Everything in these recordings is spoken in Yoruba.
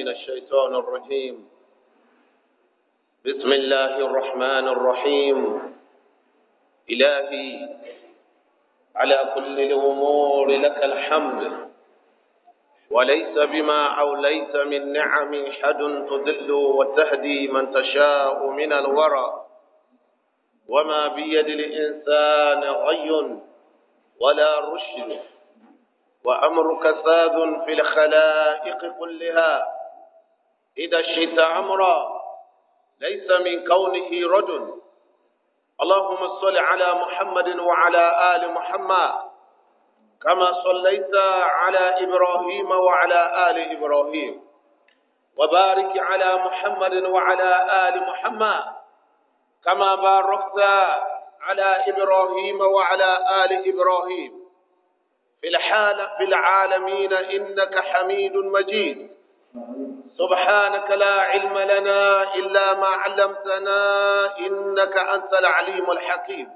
من الشيطان الرجيم بسم الله الرحمن الرحيم إلهي على كل الأمور لك الحمد وليس بما أوليت من نعم حد تضل وتهدي من تشاء من الورى وما بيد الإنسان غي ولا رشد وأمرك ساد في الخلائق كلها إذا شئت أمرا ليس من كونه رجل اللهم صل على محمد وعلى آل محمد كما صليت على إبراهيم وعلى آل إبراهيم وبارك على محمد وعلى آل محمد كما باركت على إبراهيم وعلى آل إبراهيم في الحال في العالمين إنك حميد مجيد سبحانك لا علم لنا إلا ما علمتنا إنك أنت العليم الحكيم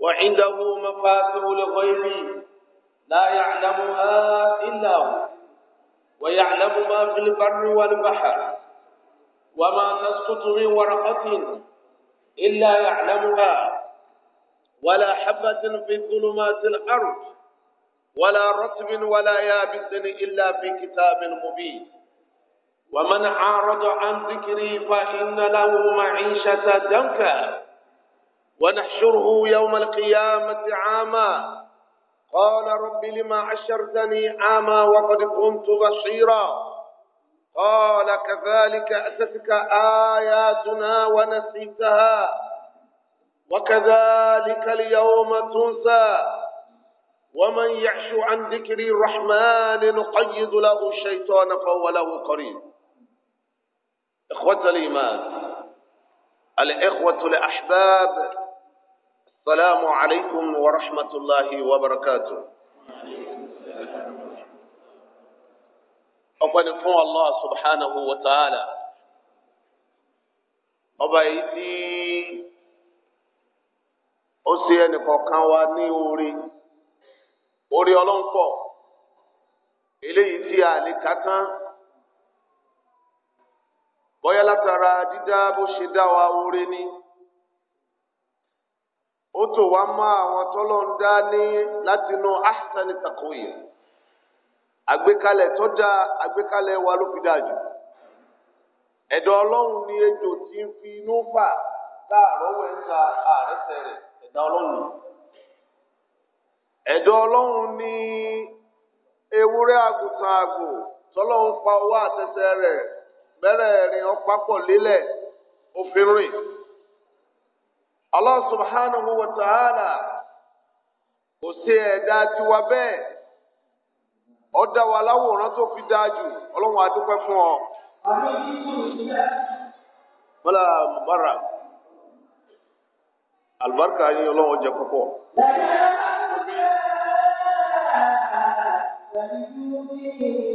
وعنده مفاتيح الغيب لا يعلمها إلا هو ويعلم ما في البر والبحر وما تسقط من ورقة إلا يعلمها ولا حبة في ظلمات الأرض ولا رطب ولا يابس إلا في كتاب مبين ومن أعرض عن ذكري فإن له معيشة دنكا ونحشره يوم القيامة عاما قال رب لما عشرتني عاما وقد كنت بصيرا قال كذلك أتتك آياتنا ونسيتها وكذلك اليوم تنسى ومن يعش عن ذكر الرحمن نقيد له الشيطان فهو له قريب إخوة الإيمان الإخوة الأحباب السلام عليكم ورحمة الله وبركاته ọpẹ́ ni fún Allah subhanahu wa ta'ala ọba yìí tí ó ṣe ẹnìkọ̀ọ̀kan wa ní orí orí ọlọ́ńpọ̀ eléyìí tí a lè ká tán. bọ́yá látara dídá bó ṣe dá wa ni ó tó wá mọ́ àwọn tọ́lọ́ ń dá ní látinú ahsani takoye àgbékalẹ̀ tó àgbékalẹ̀ wa ló fi jù ọlọ́run ni ejò ti ń fi inú fà láàárọ̀ wẹ̀ńta àrẹ́sẹ̀ rẹ̀ ọlọ́run ẹ̀dọ̀ ọlọ́run ni ewúrẹ́ àgùntàn tọ́lọ́run mẹ́rẹ̀ẹ̀rin ọ̀pápọ̀ lélẹ̀ òfin rìn. Allah subhanahu wa kò sí ẹ̀dá tiwa bẹ́ẹ̀ ọ̀dà wa láwòrán tó fi dáa jù ọlọ́run adúpẹ́ fún ọ. Mọ́lá Mubarak àlùbáríkà yín ọlọ́run jẹ púpọ̀. Thank you.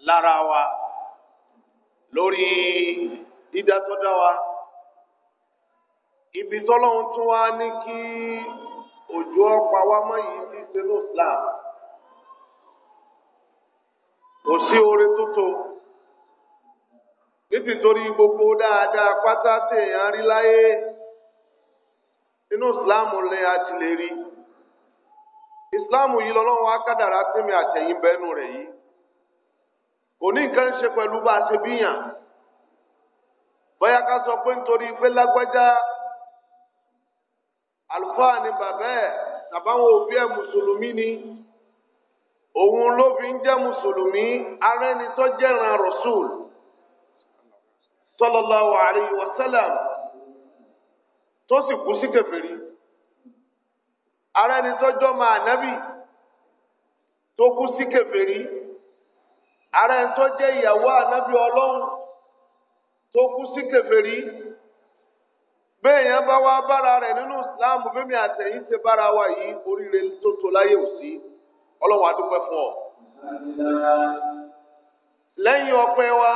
lára wa lórí dídá tó dá ibi tọ́lọ́hun tún wá ní kí òjò ọ̀pá wá mọ́ yìí ti ṣe ní Islam kò sí oore tó tó gbogbo dáadáa pátá tí èèyàn rí láyé nínú Islam lè àti lè rí Islam yìí lọ́lọ́run wá kádàrá sí mi àtẹ̀yìn bẹ́nu rẹ̀ yìí. kò ní nǹkan ṣe pẹ̀lú bá a ṣe bíyàn bóyá ká sọ pé nítorí pé lágbájá àlùfáà ni bàbá ẹ̀ tàbáwọn òbí ẹ̀ mùsùlùmí ni òun ló fi ń jẹ́ mùsùlùmí arẹ́ni jẹ́ran rasul sallallahu alaihi wasallam tó sì kú sí kèfèrí arẹ́ni jọ́ máa nábì tó kú sí kèfèrí. ara ẹni tó jẹ́ ìyàwó ànábì ọlọ́run tó kú sí kèfèrí béèyàn bá wá bára rẹ nínú islam bímí àtẹ̀yìn ti bára wa yìí oríire tó tó láyé ọlọ́run fún ọ. lẹ́yìn wa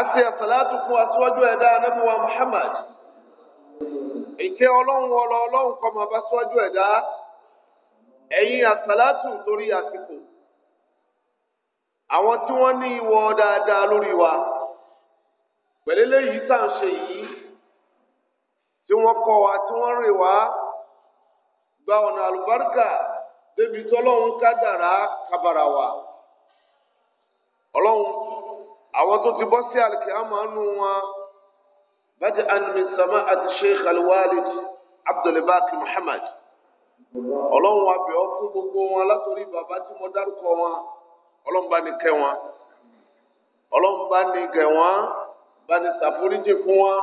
àti àsàlátù fún aṣíwájú ẹ̀dá anábìwá muhammad wọlọ ẹ̀yin àsàlátù torí àsìkò àwọn tí wọ́n ní ìwọ dáadáa lórí wa pẹ̀lẹ́lẹ́ yìí tá à ń ṣe yìí tí wọ́n kọ́ wa tí wọ́n rè wá gba ọ̀nà àlùbáríkà débi tọ́lọ́hún kádàrá kábàrà wa ọlọ́hun àwọn tó ti bọ́ sí àlìkìyámà nù wọn bàjẹ́ anmi sama àti sheikh alwalid abdulbaki muhammad. ọlọ́run wa bẹ̀ ọ́ fún gbogbo wọn látòrí bàbá tí mo dárúkọ wọn ọlọ́run bá ní kẹ́ wọn ọlọ́run bá ní gẹ̀ wọn bá ní ṣàforíjì fún wọn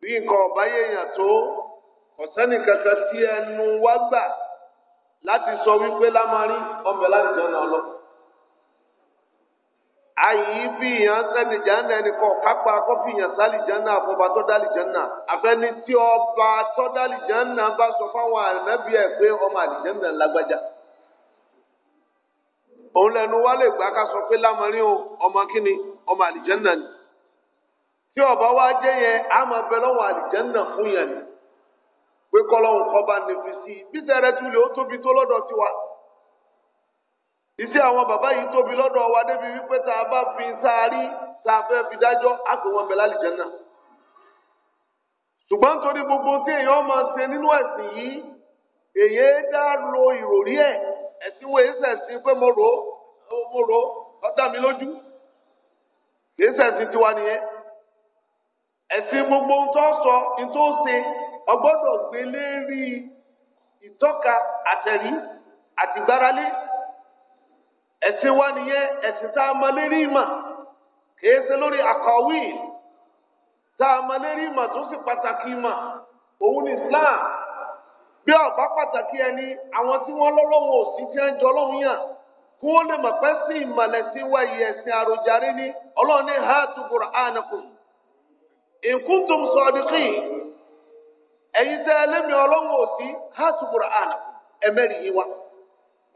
bí nǹkan ọ̀bá yéèyàn tó ọ̀sẹ́ni kankan tí ẹnu wá gbà láti sọ wípé lámarí ọmọ ẹ̀ láti jẹ́ náà ọlọ́run. àyìn fìyàn sálìjánà ẹnìkan kápá kó fìyàn sálìjánà àfọba tó dálìjánà àfẹni tí ọba tó dálìjánà bá sọ fáwọn ànábì ẹ pé ọmọ àlìjánà ọ òun lẹnu wá lè gbà ká sọ pé lámọrin o ọmọ kíni ọmọ ni tí ọba wa jẹ yẹn a máa bẹ fún yẹn ni pé kọlọhùn kọba bí tẹrẹ ó tóbi tó tiwa. isi àwọn bàbá yìí tóbi lọ́dọ̀ wa débi wípé tá a bá fi sáárí tá a fẹ́ fi dájọ́ á pè wọ́n bẹ̀lá lìjẹ́ gbogbo tí èèyàn máa ṣe nínú ẹ̀sìn yìí èèyàn dá lo ìròrí ẹ̀ ẹ̀sìn wo èsẹ̀ sí pé mo rò ó mo rò ó ó mi lójú tiwa nìyẹn. ẹ̀sìn gbogbo ń tọ́ sọ ń tó ṣe ọgbọ́dọ̀ gbélé rí ìtọ́ka àtẹ̀rí ẹ̀sìn wa nìyẹn ẹ̀sìn tá a mọ lérí ìmọ̀ kìí ṣe lórí àkọ̀wé tá a ni Islam bí ọba pàtàkì ẹni àwọn tí wọ́n lọ́lọ́wọ́ òsì tí wọ́n jọ lọ́hùn yàn kí wọ́n lè mọ̀ pé sí ìmọ̀lẹ̀ sí wa yìí ẹ̀sìn àròjàre ni Ọlọ́run ní hatu in kuntum sadiqin ẹ̀yin tẹ́ ẹlẹ́mìí Ọlọ́run òsì yìí wá.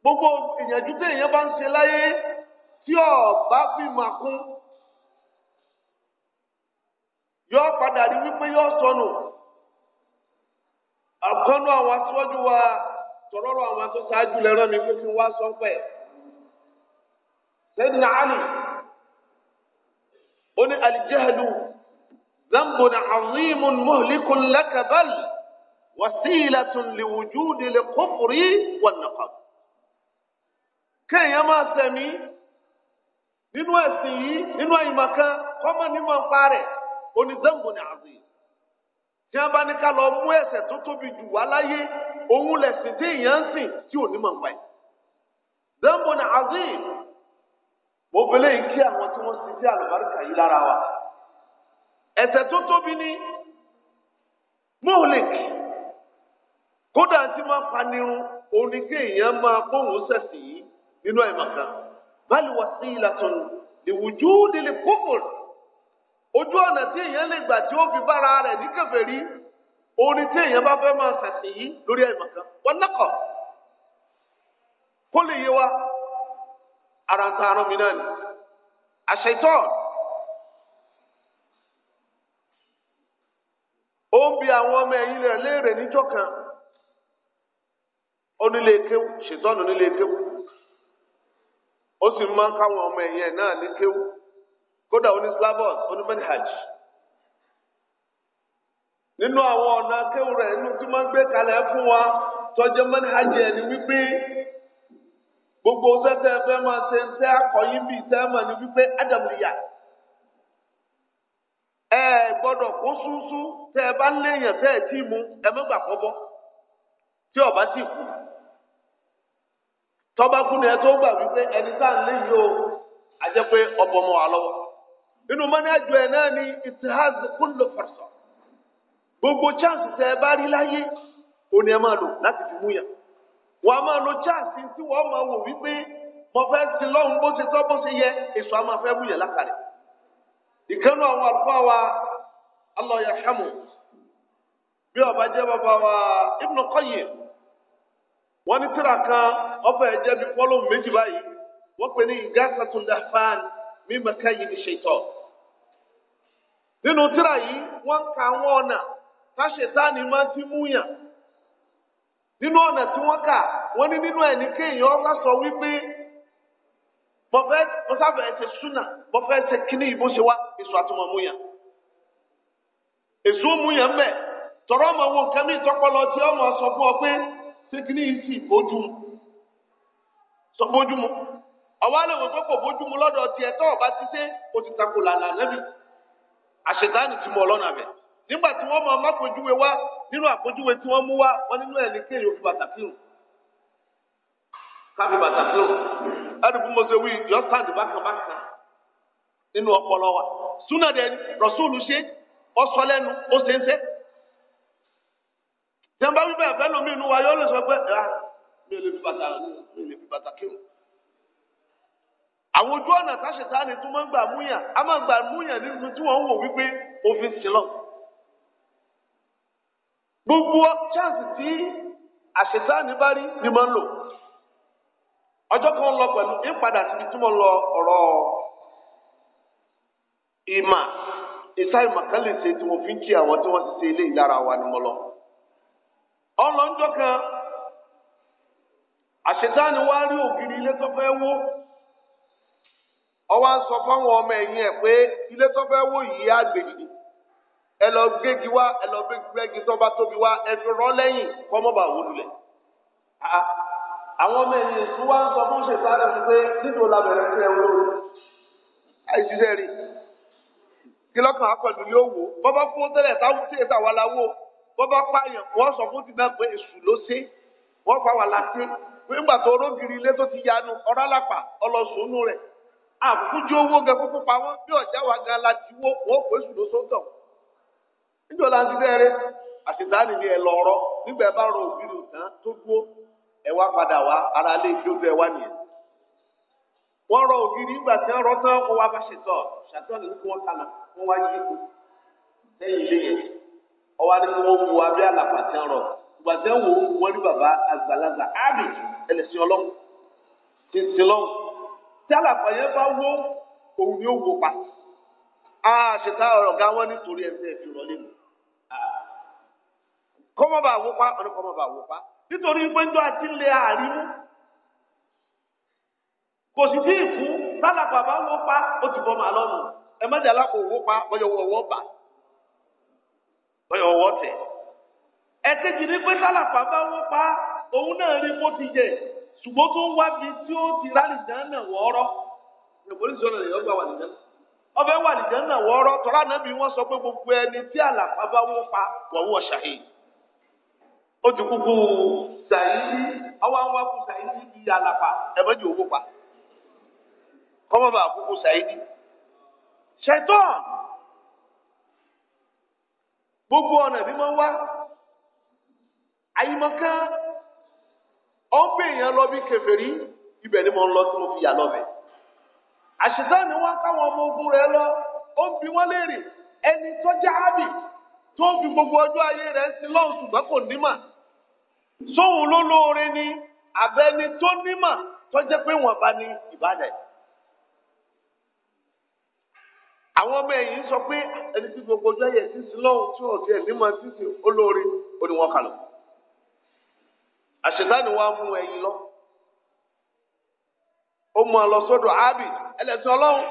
gbogbo ìyànjú tí èèyàn bá ń ṣe láyé tí ọba fi máa kún yọ padà rí wípé yọ sọnù àkọ́nú àwọn aṣíwájú wa tọ̀rọ̀rọ̀ àwọn tó ṣáájú lẹ́rọ̀ mi pé kí n wá sọ pẹ́ Sayyidina Ali ó ní al-jahlu dhanbun adhimun muhlikun laka bal wasilatun liwujudi al-kufri wan-naqab. kéèyàn máa tẹ̀mí nínú ẹ̀sìn yìí nínú àyìnbọn kan kọ́mọ nímọ̀ ń parẹ̀ onídàngbò ní àbí tí wọ́n bá ní ká lọ mú ẹ̀ṣẹ̀ tó tóbi jù wá láyé òun lẹ̀sìn tí èèyàn ń sìn tí ò ní mọ̀ pa ẹ̀ dàngbò ní àbí mo bẹ̀lẹ̀ yìí kí àwọn tí wọ́n ti sí àlùbáríkà yìí lára wa ẹ̀ṣẹ̀ tó tóbi nínú ẹ̀ màkà báyìí wà sí ìlàtọ̀ ìwùjú nílé kókòrò ojú ọ̀nà tí èèyàn lè gbà tí ó fi bára rẹ̀ ní kèfèrí orin tí èèyàn bá fẹ́ máa ṣẹ̀sìn yìí lórí ẹ̀ màkà wọn nàkọ̀ kó lè yé wa ara ń ta ara mi náà ni àṣetọ́ ó ń bi àwọn ọmọ ẹ̀yìn rẹ̀ léèrè níjọ́ kan onílé kéwù ṣètọ́nù onílé kéwù. ó sì máa ń káwọn ọmọ ẹ̀yẹ náà ní kéwú kódà oní slavos oní manhaj nínú àwọn ọ̀nà kéwú rẹ̀ nínú tí máa ń gbé kalẹ̀ fún wa gbogbo sẹ́tẹ̀ fẹ́ máa ṣe ń tẹ́ akọ̀yìn bíi tẹ́ ní wípé ádámùlíyà ẹ gbọ́dọ̀ kó súnsún tẹ́ ẹ bá léèyàn tẹ́ ẹ tí mu ẹ tọ́ba kú ni ẹ tó gbà wípé ẹni tá à ń lé yìí o àjẹ́ pé ọbọ̀ mọ́ wa lọ́wọ́ inú mọ́ni àjọ ẹ̀ náà ni itihaz kullu fursa gbogbo chance tẹ ẹ bá rí láyé o ní ẹ máa lò láti fi mú yàn wọ́n a máa lo chance tí wọ́n máa wò wípé mo fẹ́ ti lọ́hùn bó ṣe tọ́ bó ṣe yẹ èso a máa fẹ́ mú yàn lákàrẹ̀ ìkànnì àwọn àlùfáà wa Allah yarhamu bí ọba jẹ́ bàbá wa Ibn Qayyim. wọ́n ní tíra kan ọ̀fẹ́ ẹ̀jẹ̀ bíi fọ́lọ́mù méjì báyìí wọ́n pè ní Igasatul Lahfan min Makayidi Shaitan. nínú tíra yìí wọ́n ka àwọn ọ̀nà táṣetáni máa ti mú yàn nínú ọ̀nà tí wọ́n kà wọ́n ní nínú ẹ̀ ní kéèyàn sọ wípé bọ́fẹ́ ṣé kí ní ìsì bójúmu sọ bójúmu àwa lè wò tó kò bójúmu lọ́dọ̀ tiẹ̀ tó ọba ti ṣe o ti takò làlà lẹ́bi àṣetánì ti mọ̀ lọ́nà bẹ̀ nígbà tí wọ́n mọ mákòjúwe wá nínú àkójúwe tí wọ́n mú wá wọ́n nínú ẹ̀ ní kéèyàn fi bàtà kírun káfí bàtà kírun ẹni fún mọ́sẹ̀ wí yọ sáàdì bákan bákan nínú ọpọlọ wa súnà dẹ rọ̀ṣúlù ṣe ọ̀ṣọ́lẹ́nu ó ṣe ń ṣe jẹnba wípé ẹfẹ lomi inú wa yóò lè sọ pé ẹ ah, mi lè fi bàtà mi lè fi bàtà kírun àwọn ojú ọ̀nà táṣetáni tó máa ń gbà múyàn a máa gbà múyàn nínú tí wọ́n ń wò wípé òfin sílọ̀ gbogbo chance tí àṣetáni bá rí ni máa ń lò ọjọ́ kan lọ pẹ̀lú ìpadà síbi tí mo lọ ọ̀rọ̀ ìmà ìsáyìmọ̀ kan lè ṣe tí mo fi ń kí àwọn tí wọ́n ti ṣe ilé ìlara wa ni mo lọ ọlọ́njọ́ kan àṣetáni wá rí ògiri ilé tó fẹ́ wó ọwọ́ ń sọ fáwọn ọmọ ẹ̀yìn ẹ̀ pé ilé tó fẹ́ wó yìí àgbègbè ẹ lọ gbégi wá ẹ lọ gbégi tó bá tóbi wá ẹ fi rán lẹ́yìn kọ́mọ́bà wó lulẹ̀ àwọn ọmọ ẹ̀yìn tó wá sọ fún ṣètáni pé nídò labẹ̀rẹ̀ fẹ́ wó àìsíṣẹ́ rí kí lọ́kàn á pẹ̀lú ní bọ́bá fún tẹ́lẹ̀ táwọn tí èta wà wọ́n bá pààyàn wọ́n sọ fún tìǹbà pé èṣù ló ṣe wọ́n pa wà láti pé ńgbà tó rógiri ilé tó ti yanu ọ̀rá lápà ọlọ́sùnú rẹ̀ àkújú owó gẹ kúkú pa wọ́n bí ọ̀já wa gan láti wó wọ́n pè èṣù ló sọ́tọ̀ níjọ́ la ti bẹ́ẹ̀rẹ́ àṣetánì ni ẹ lọ ọ̀rọ̀ nígbà ẹ bá rọ ògiri òtán tó dúró ẹ wá padà wá ara lé kí ó bẹ wá nìyẹn wọ́n rọ ògiri nígbà tí wọ́n rọ tán wọ́n wá bá ṣètò ṣàtọ́ nínú kí wọ́n kà lọ wọ́n wá yí lẹ́yìn ilé yẹn ọwọ́ adé kí wọ́n wu abẹ́ àlàpà tí wọ́n rọ̀ gbàtẹ́ wo wọ́n ní bàbá àgbàlagbà ábì ẹlẹ́sìn ọlọ́run ti ti lọ́wọ́ tí àlàpà yẹn bá wó òun ni ó wò pa á ṣètà ọ̀rọ̀ gá wọ́n nítorí ẹsẹ̀ fi rọ̀ lẹ́nu kọ́mọ́bà wò pa ọ̀nà kọ́mọ́bà wò pa nítorí pé àti lè àrímú kò sì tí ì fún sálàpà bá wó pa ó ti bọ́ màá ẹ má dàlá kò pa bọ́yọ̀ wọ̀ wọ́ bà bóyá ọwọ́ tẹ̀. ẹ̀kejì ni pé sálàpà bá wọ́n pa òun náà rí bó ti jẹ ṣùgbọ́n tó ń wábi tí ó ti rálì jẹ́ náà wọ́ọ́rọ́ ìpolísì ọ̀nà lèyàn gbà wà nìjẹ́ ọbẹ̀ wà nìjẹ́ náà wọ́ọ́rọ́ tọ́lá náà bí wọ́n sọ pé gbogbo ẹni tí àlàpà bá wọ́n pa wọ́n wọ́ ṣàhìn ó ti kúkú ṣàyíní ọwọ́ àwọn akú ṣàyíní di àlàpà ẹ̀mẹ́jì owó pa kọ́mọ́ bá kúkú ṣàyíní ṣẹ̀tọ́n gbogbo ọ̀nà bí wọ́n wá àyìmọ̀ká ọ̀pẹ èèyàn lọ bí kèfèrí ibẹ̀ ni mo ń lọ tí mo fi yà lọ́bẹ̀ ni wá káwọn ọmọ ogun rẹ̀ lọ ó ń bi wọ́n léèrè ẹni tó jẹ́ ábì gbogbo ọjọ́ ayé rẹ̀ ń sin lọ́hùn ṣùgbọ́n kò nímà ni àbẹ́ni tó nímà tó jẹ́ pé àwọn ọmọ ẹ̀yìn sọ pé ẹni tí gbogbo ọjọ́ yẹ sísí lọ́hùn tí wọ́n ti ẹ̀mí máa sísì olóore lọ. àṣetánì wa mú ọ lọ sọ́dọ̀ ábì ẹlẹ́sìn ọlọ́run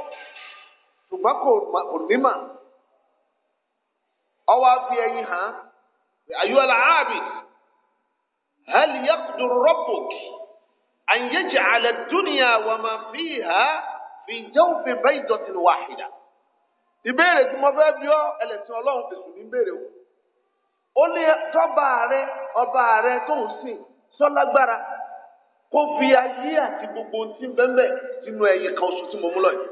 ṣùgbọ́n kò ọwọ́ fi ẹ̀yìn hàn ayọ́lá ábì hal yaqdur rabbuk an yaj'ala ad wa ma ha fi wahida. ìbéèrè tí mo fẹ́ bí ọ ẹlẹ́sìn ọlọ́run ní béèrè o ó ní tọ́ba ọba rẹ tó ń sìn sọ́lágbára kó fi ayé gbogbo ohun tí ń bẹ́ẹ̀ sínú ẹ̀yìn kan oṣù tí mo mú lọ yìí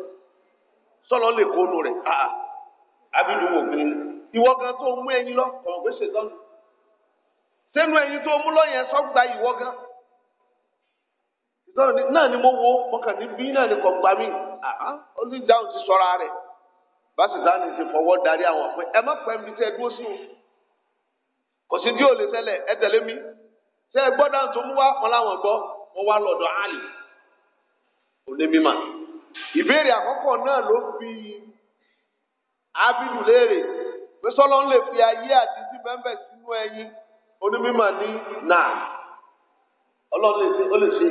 sọ́lọ́ lè kó rẹ̀ àà wò pé ìwọ gan tó mú ẹyin lọ ọ̀rọ̀ pé ẹyin tó mú lọ yẹn ìwọ gan náà ni mo wo mo kàn ní bí náà ni kò gbà mí báṣì sáni ti fọwọ́ darí àwọn pé ẹ má pẹ́ mi tẹ́ ẹ dúró sí o kò sí tí ò lè tẹ́lẹ̀ ẹ tẹ̀lé mi tẹ́ ẹ gbọ́dọ̀ tó mú wá wọn láwọn gbọ́ wọn wá lọ́dọ̀ àlì òní mímà ìbéèrè àkọ́kọ́ náà ló fi ábìlù léèrè pé sọ́lọ́ ń lè fi ayé àti tí bẹ́ẹ̀ sínú ẹyin onímọ̀ ní náà ọlọ́run lè ṣe ó lè ṣe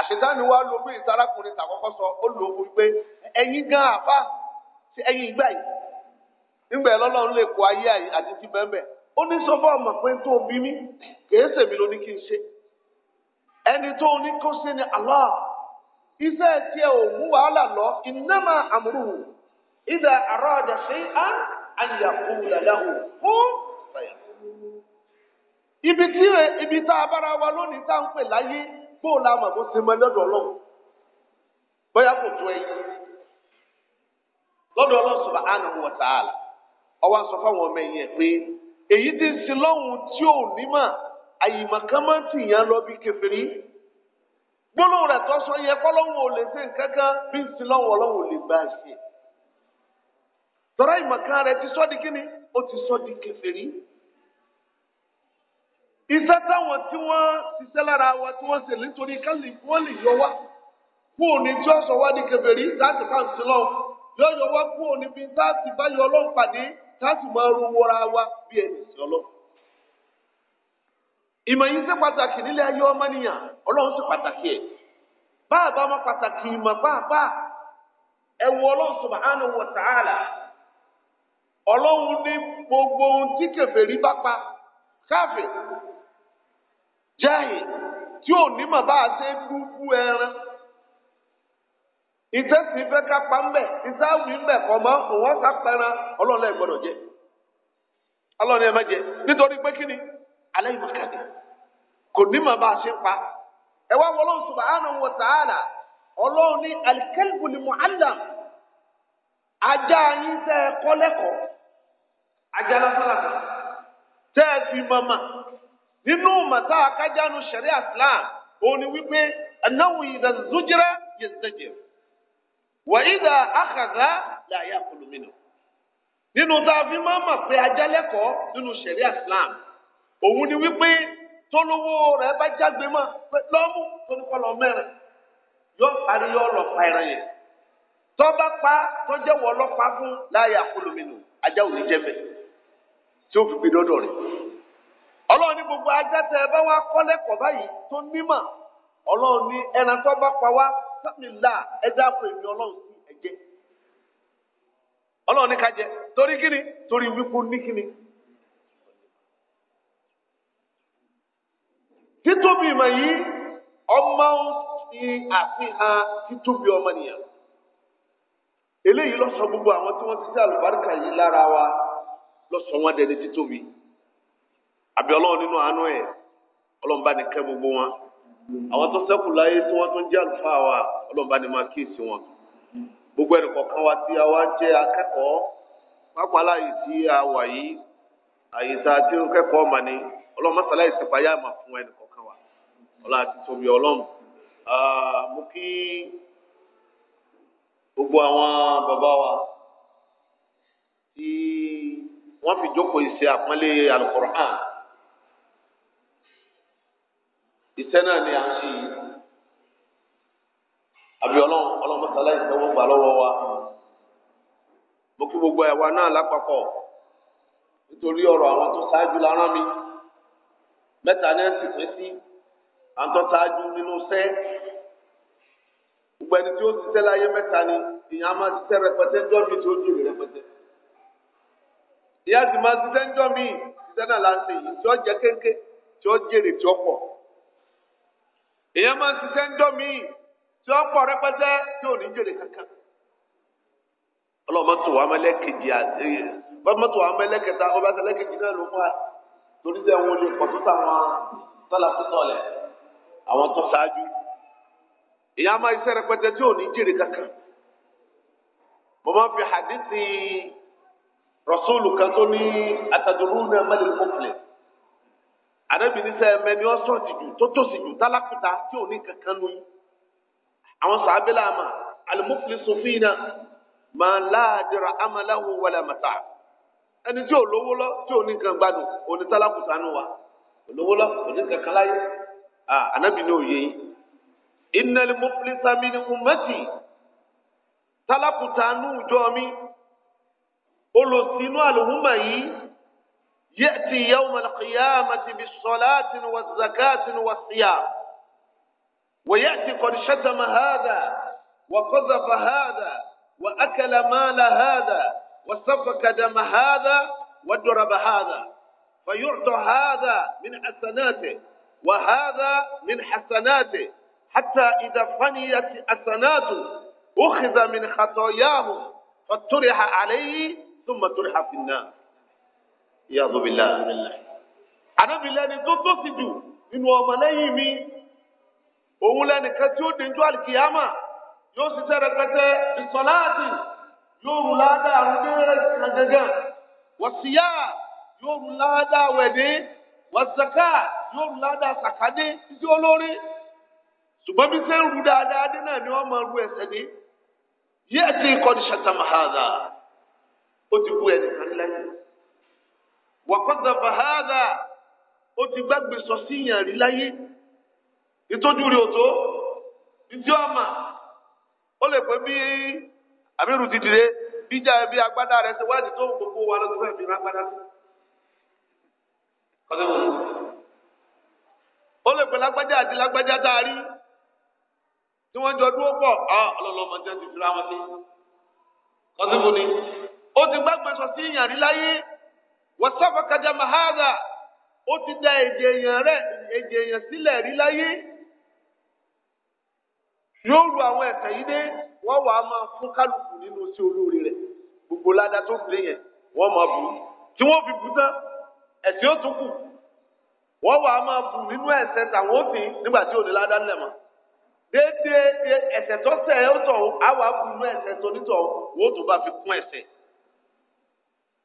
àṣetáni wa lo ìsarakùnrin tàkọ́kọ́ sọ ó lò ó pé ẹ̀yin gan àbá. sí ẹ̀yìn igba yìí nígbà yẹn lọ́lọ́run lè kó ayé àti ti bẹ́ẹ̀ ó ní sọ́fọ́ ọmọ pé tó o bí mi kèé sèmi ló kí n ṣe ẹni tó o ní kó ṣe ni Allah iṣẹ́ tiẹ̀ ò mú wàhálà lọ fún ibi tí rẹ ibi tá a bára wa lónìí tá à ń pè láyé bóò bóyá kò tó lọ́dọ̀ Ọlọ́run subhanahu wa ta'ala ọwọ́ sọ ọmọ yẹn pé èyí ti ń sin lọ́hùn tí ò ní mà àyìmọ̀kan máa lọ bí kèfèrí gbólóhùn rẹ̀ tó sọ yẹ kọ́lọ́hùn ò lè ṣe nǹkan bí ń lọ́hùn Ọlọ́hùn lè gbà ṣe tọ́lá ìmọ̀kan rẹ̀ ti sọ́ di kíni ó ti di iṣẹ́ wa tí wọ́n ṣe nítorí wọ́n lè yóò yọ wá kúrò níbi táàtì báyọ̀ ọlọ́run pàdé táàtì máa ru wọra wa bí ẹni sí ọlọ́run. ìmọ̀ yìí ṣe pàtàkì nílé ayé ọmọnìyàn ọlọ́run ṣe pàtàkì ẹ̀ báà bá pàtàkì ìmọ̀ báàbá ẹ gbogbo ohun tí bá pa káfẹ́ tí ò ife si ife ka ń bẹ ife awi ń bẹ kọmọ òun ọsà pẹran ọlọlẹ gbọ́dọ̀ jẹ ọlọni má jẹ nítorí pé kíni alẹ yìí má kò ní mà bá a ṣe ń pa ẹ wá wọlé subhanahu wa ta'ala Ọlọ́run ní ni ajá yín ẹ kọ́ lẹ́kọ̀ọ́ ajá wà àkàdá làyà kùlùmínà nínú tá a fi máa mọ̀ pé ajálẹ́kọ̀ọ́ nínú ṣẹ̀ríà Islam òun ni wípé tólówó rẹ̀ bá jágbe mọ́ pé lọ́mú tóníkọ́lọ́ mẹ́rin yóò parí yóò lọ pa ẹran yẹn tọ́ba pa tọ́jẹ́wọ́ ọlọ́pàá fún láyà kùlùmínà ajá ò ní jẹ́ bẹ́ẹ̀ tí ó fi gbé dọ́dọ̀ rẹ̀ ọlọ́run ní gbogbo ajá tẹ ẹ bá wá kọ́lẹ́kọ̀ọ́ báyìí tó nímọ̀ ọlọ́run ní ẹran tó pa wá sábìlá ẹja kò èmi ọlọ́run sí ẹ̀jẹ̀ ọlọ́run ní ká jẹ torí kíni torí wípé ní kíni. títóbi ìmọ̀ yìí ọmọ ń fi àfihàn títóbi ọmọnìyàn eléyìí ló sọ gbogbo àwọn tí wọ́n ti sí àlùbáríkà yìí lára wa ló sọ wọ́n dẹni títóbi àbí ọlọ́run nínú àánú ẹ̀ ọlọ́run bá ní kẹ́ gbogbo wọn àwọn tó ṣẹ́kù láyé tí wọ́n tún jẹ́ àlùfáà wa ọlọ́run bá ní máa kíyèsí wọn gbogbo ẹnì kọ̀ọ̀kan wa tí a wá jẹ́ akẹ́kọ̀ọ́ pápá láyé tí a wà yìí àyè tá a ti ń kẹ́kọ̀ọ́ mà ní ọlọ́run mọ́sálá ìsìnpáyà mà fún ẹnì kọ̀ọ̀kan wa ọlọ́run àti tóbi ọlọ́run mú kí gbogbo àwọn bàbá wa tí wọ́n fi jókòó ìṣe àpọ́nlé Al-Qur'an iṣẹ́ náà ni à ń ṣe yìí àbí ọlọ́run gbà lọ́wọ́ wa mo kí gbogbo ẹ̀wà náà lápapọ̀ nítorí ọ̀rọ̀ àwọn tó ṣáájú lára mi mẹ́ta náà sì pín sí àwọn tó ṣáájú nínú iṣẹ́ gbogbo ẹni tí ó ṣiṣẹ́ láyé mẹ́ta ni ìyẹn a máa ṣiṣẹ́ rẹpẹtẹ jọ́ mi tí jèrè rẹpẹtẹ ìyá sì èèyàn máa ń ṣiṣẹ́ ń jọ míì tí ó pọ̀ rẹpẹtẹ tí ò ní jèrè kankan ọlọ́mọtò wa mẹlẹ́kejì àti ọlọ́mọtò wa mẹlẹ́kẹta ọba tẹlẹ́kejì náà ló fún wa torí sẹ́ wọn lè pọ̀ tó táwọn tọ́lá tó tọ̀lẹ̀ àwọn tó ṣáájú èèyàn máa ṣiṣẹ́ rẹpẹtẹ tí ò ní jèrè kankan mo máa fi hadithi rasulu kan tó ní àdàbí ní sẹ mẹni ọsọ dìjú tó tòsí jù tálákùtà tí ò ní kankan lóyún àwọn sàábélà àmà alimufili sofin náà máa láàdìrà amaláwo wàlẹ àmàtà ẹni tí ò lówó lọ tí ò ní kan gbádùn òní tálákùtà nù wa olówó lọ òní kankan láyé ànábì ní òye yìí ìnnàlí mufili sami ni umati tálákùtà nù jọ mi olùsínú àlùhùmà yìí. يأتي يوم القيامة بالصلاة والزكاة والصيام ويأتي قد شتم هذا وقذف هذا وأكل مال هذا وسفك دم هذا وضرب هذا فيعطى هذا من حسناته وهذا من حسناته حتى إذا فنيت حسناته أخذ من خطاياه فطرح عليه ثم طرح في النار yàtọ̀ bí láà anábì lẹ́ni tó tó sì jù nínú ọmọ lẹ́yìn mi òun lẹ́nìkan tí ó dèjú àlìkìyàmà yóò ṣiṣẹ́ rẹpẹtẹ ìsọláàtì yóò rù ládàá àrùndínlẹ̀ gàgàgàn wọ̀síyà yóò rù ládàá wẹ̀dẹ́ wọ̀sàkà yóò rù ládàá sàkádé títí olórí ṣùgbọ́n bí sẹ́ ń rù dáadáa dé náà ni wọ́n máa rù ẹsẹ̀ dé yíyà tí kọ́ni ṣàtàmà hàdà ó ti kú ẹnìkan lẹ́yìn wàkọ́dà fàhádà ó ti gbàgbé sọ sí ìyàn rí láyé ìtọ́jú rẹ̀ ò tó ìdí ọ̀mà ó lè pẹ́ bí àbírù dídìre bíjà bí agbádá rẹ̀ ṣe wádìí tó gbogbo wa lọ́dún fẹ́ẹ́ fi rágbádá sí. ó lè pẹ́ lágbájá àti lágbájá tá a rí tí wọ́n jọ dúró pọ̀ ọlọ́lọ́mọ jẹ́ ti fi ra wọn sí. ó ti gbàgbé sọ sí ìyàn rí láyé wọ́sàfà kájà mahada ó ti da èdè èèyàn rẹ̀ èdè èèyàn sílẹ̀ rí láyé yóò ru àwọn ẹ̀sẹ̀ yìí dé wọ́n wàá máa fún kálukú nínú sí olóore rẹ̀ gbogbo ládàá tó gbé yẹn wọ́n máa bù tí wọ́n fi bù tán ẹ̀sìn ó tún kù wọ́n wàá máa bù nínú ẹ̀sẹ̀ tàwọn òfin nígbà tí òde ládàá nílẹ̀ mọ́ déédéé ẹ̀sẹ̀ tó sẹ̀ ẹ́ ó tọ̀ àwọn àbùnú ẹ̀sẹ̀ tó nítọ̀ wọ́n tó bá fi kún ẹ̀sẹ̀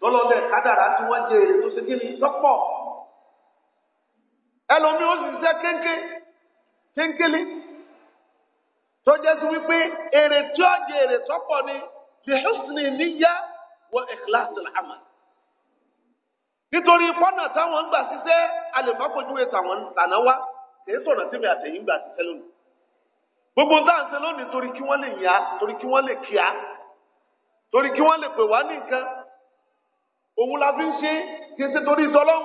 lọ́lọ́lẹ̀ kadara tí wọ́n jẹ èrè tó ṣe kí ni ó sì kéńké kéńkéle tó jẹ́ sí wípé èrè tí ó jẹ èrè tọ́pọ̀ ni fi níyà wọ ikhlasil amal nítorí pọ́nà táwọn ń gbà wá sọ̀rọ̀ mi àtẹ̀yìn gbà lónìí gbogbo lónìí torí kí wọ́n lè yá torí kí wọ́n lè kíá torí kí wọ́n lè pè wá ní nǹkan òun la fi ń ṣe kí n ṣe torí ìtọ́lọ́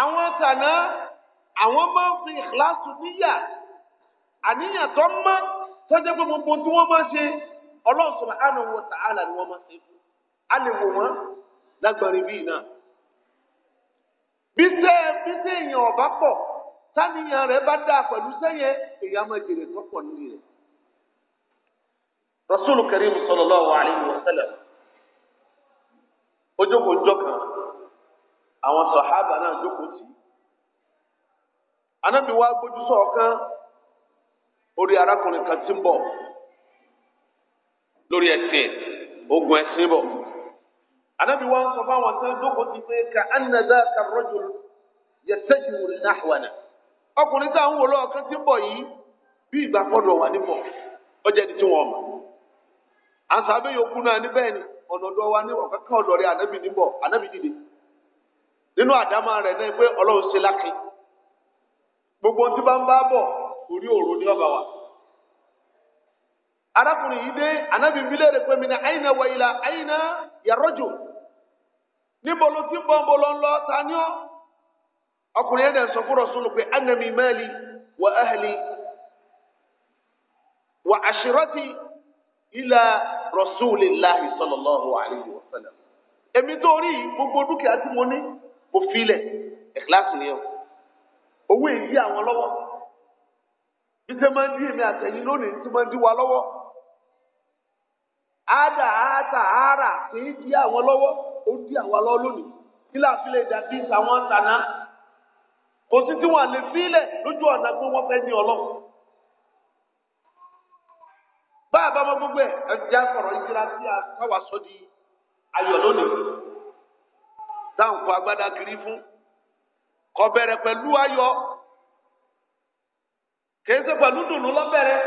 àwọn tànà àwọn máa ń fi ìkíláàsù níyà àníyàn tó mọ́ tọ́jú pé gbogbo tí wọ́n máa ṣe ọlọ́run subhanahu wa ta'ala ni wọ́n máa ṣe a lè wò wọ́n lágbàrin bíi náà bí tẹ́ bí tẹ́ èèyàn ọ̀bá pọ̀ táníyàn rẹ̀ bá dáa pẹ̀lú sẹ́yẹ èèyàn máa jèrè tó pọ̀ nílé rẹ̀. rasúlù karim sallallahu alayhi wa sallam ó jókòó ń jọkàn àwọn sàhábà náà jókòó tì í anábì kan ori sọ̀kan kan tí ń bọ̀ lórí ogun ẹsẹ̀ bọ̀ anábì wa ń sọ fáwọn ka anna dhaka ar-rajul yẹtẹ́jú nahwana ọkùnrin tá à ń wò lọ́ọ̀kan tí ń bọ̀ yìí bí ìgbà pọ̀dọ̀ àǹsàbẹ yòókù náà níbẹ̀ ni ọ̀nà ọ̀dọ́ wa ní ọ̀kẹ́kẹ́ ọ̀dọ́ rẹ̀ ànábì níbọ̀ ànábì dìde nínú àdámà rẹ̀ náà pé gbogbo ohun ba n ba bá bọ̀ orí ni ọba wa. arákùnrin yìí dé ànábì ń bilé rẹ̀ mi ní àyìnà wẹ̀yìlá àyìnà ti lọ ni ilà rasulillahi sallallahu alayhi wa sallam èmi tó rí gbogbo dúkìá tí mo ní mo filẹ̀ ẹ̀kíláàsì ni o owó èyí àwọn lọ́wọ́ bí máa ń dí àtẹ̀yìn lónìí tí máa wa lọ́wọ́ ara kì í di àwọn lọ́wọ́ ó di àwa lọ́wọ́ lónìí dàbí kò sí tí lè lójú ọ̀nà wọ́n bá a bá mọ gbogbo ẹ ẹja sọ̀rọ̀ ìjìlá sí àwa sọ di ayọ̀ lónìí táwọn kọ agbádá kiri fún kó bẹ̀rẹ̀ pẹ̀lú ayọ̀ kìí ṣe pẹ̀lú dùnú lọ́bẹ̀rẹ̀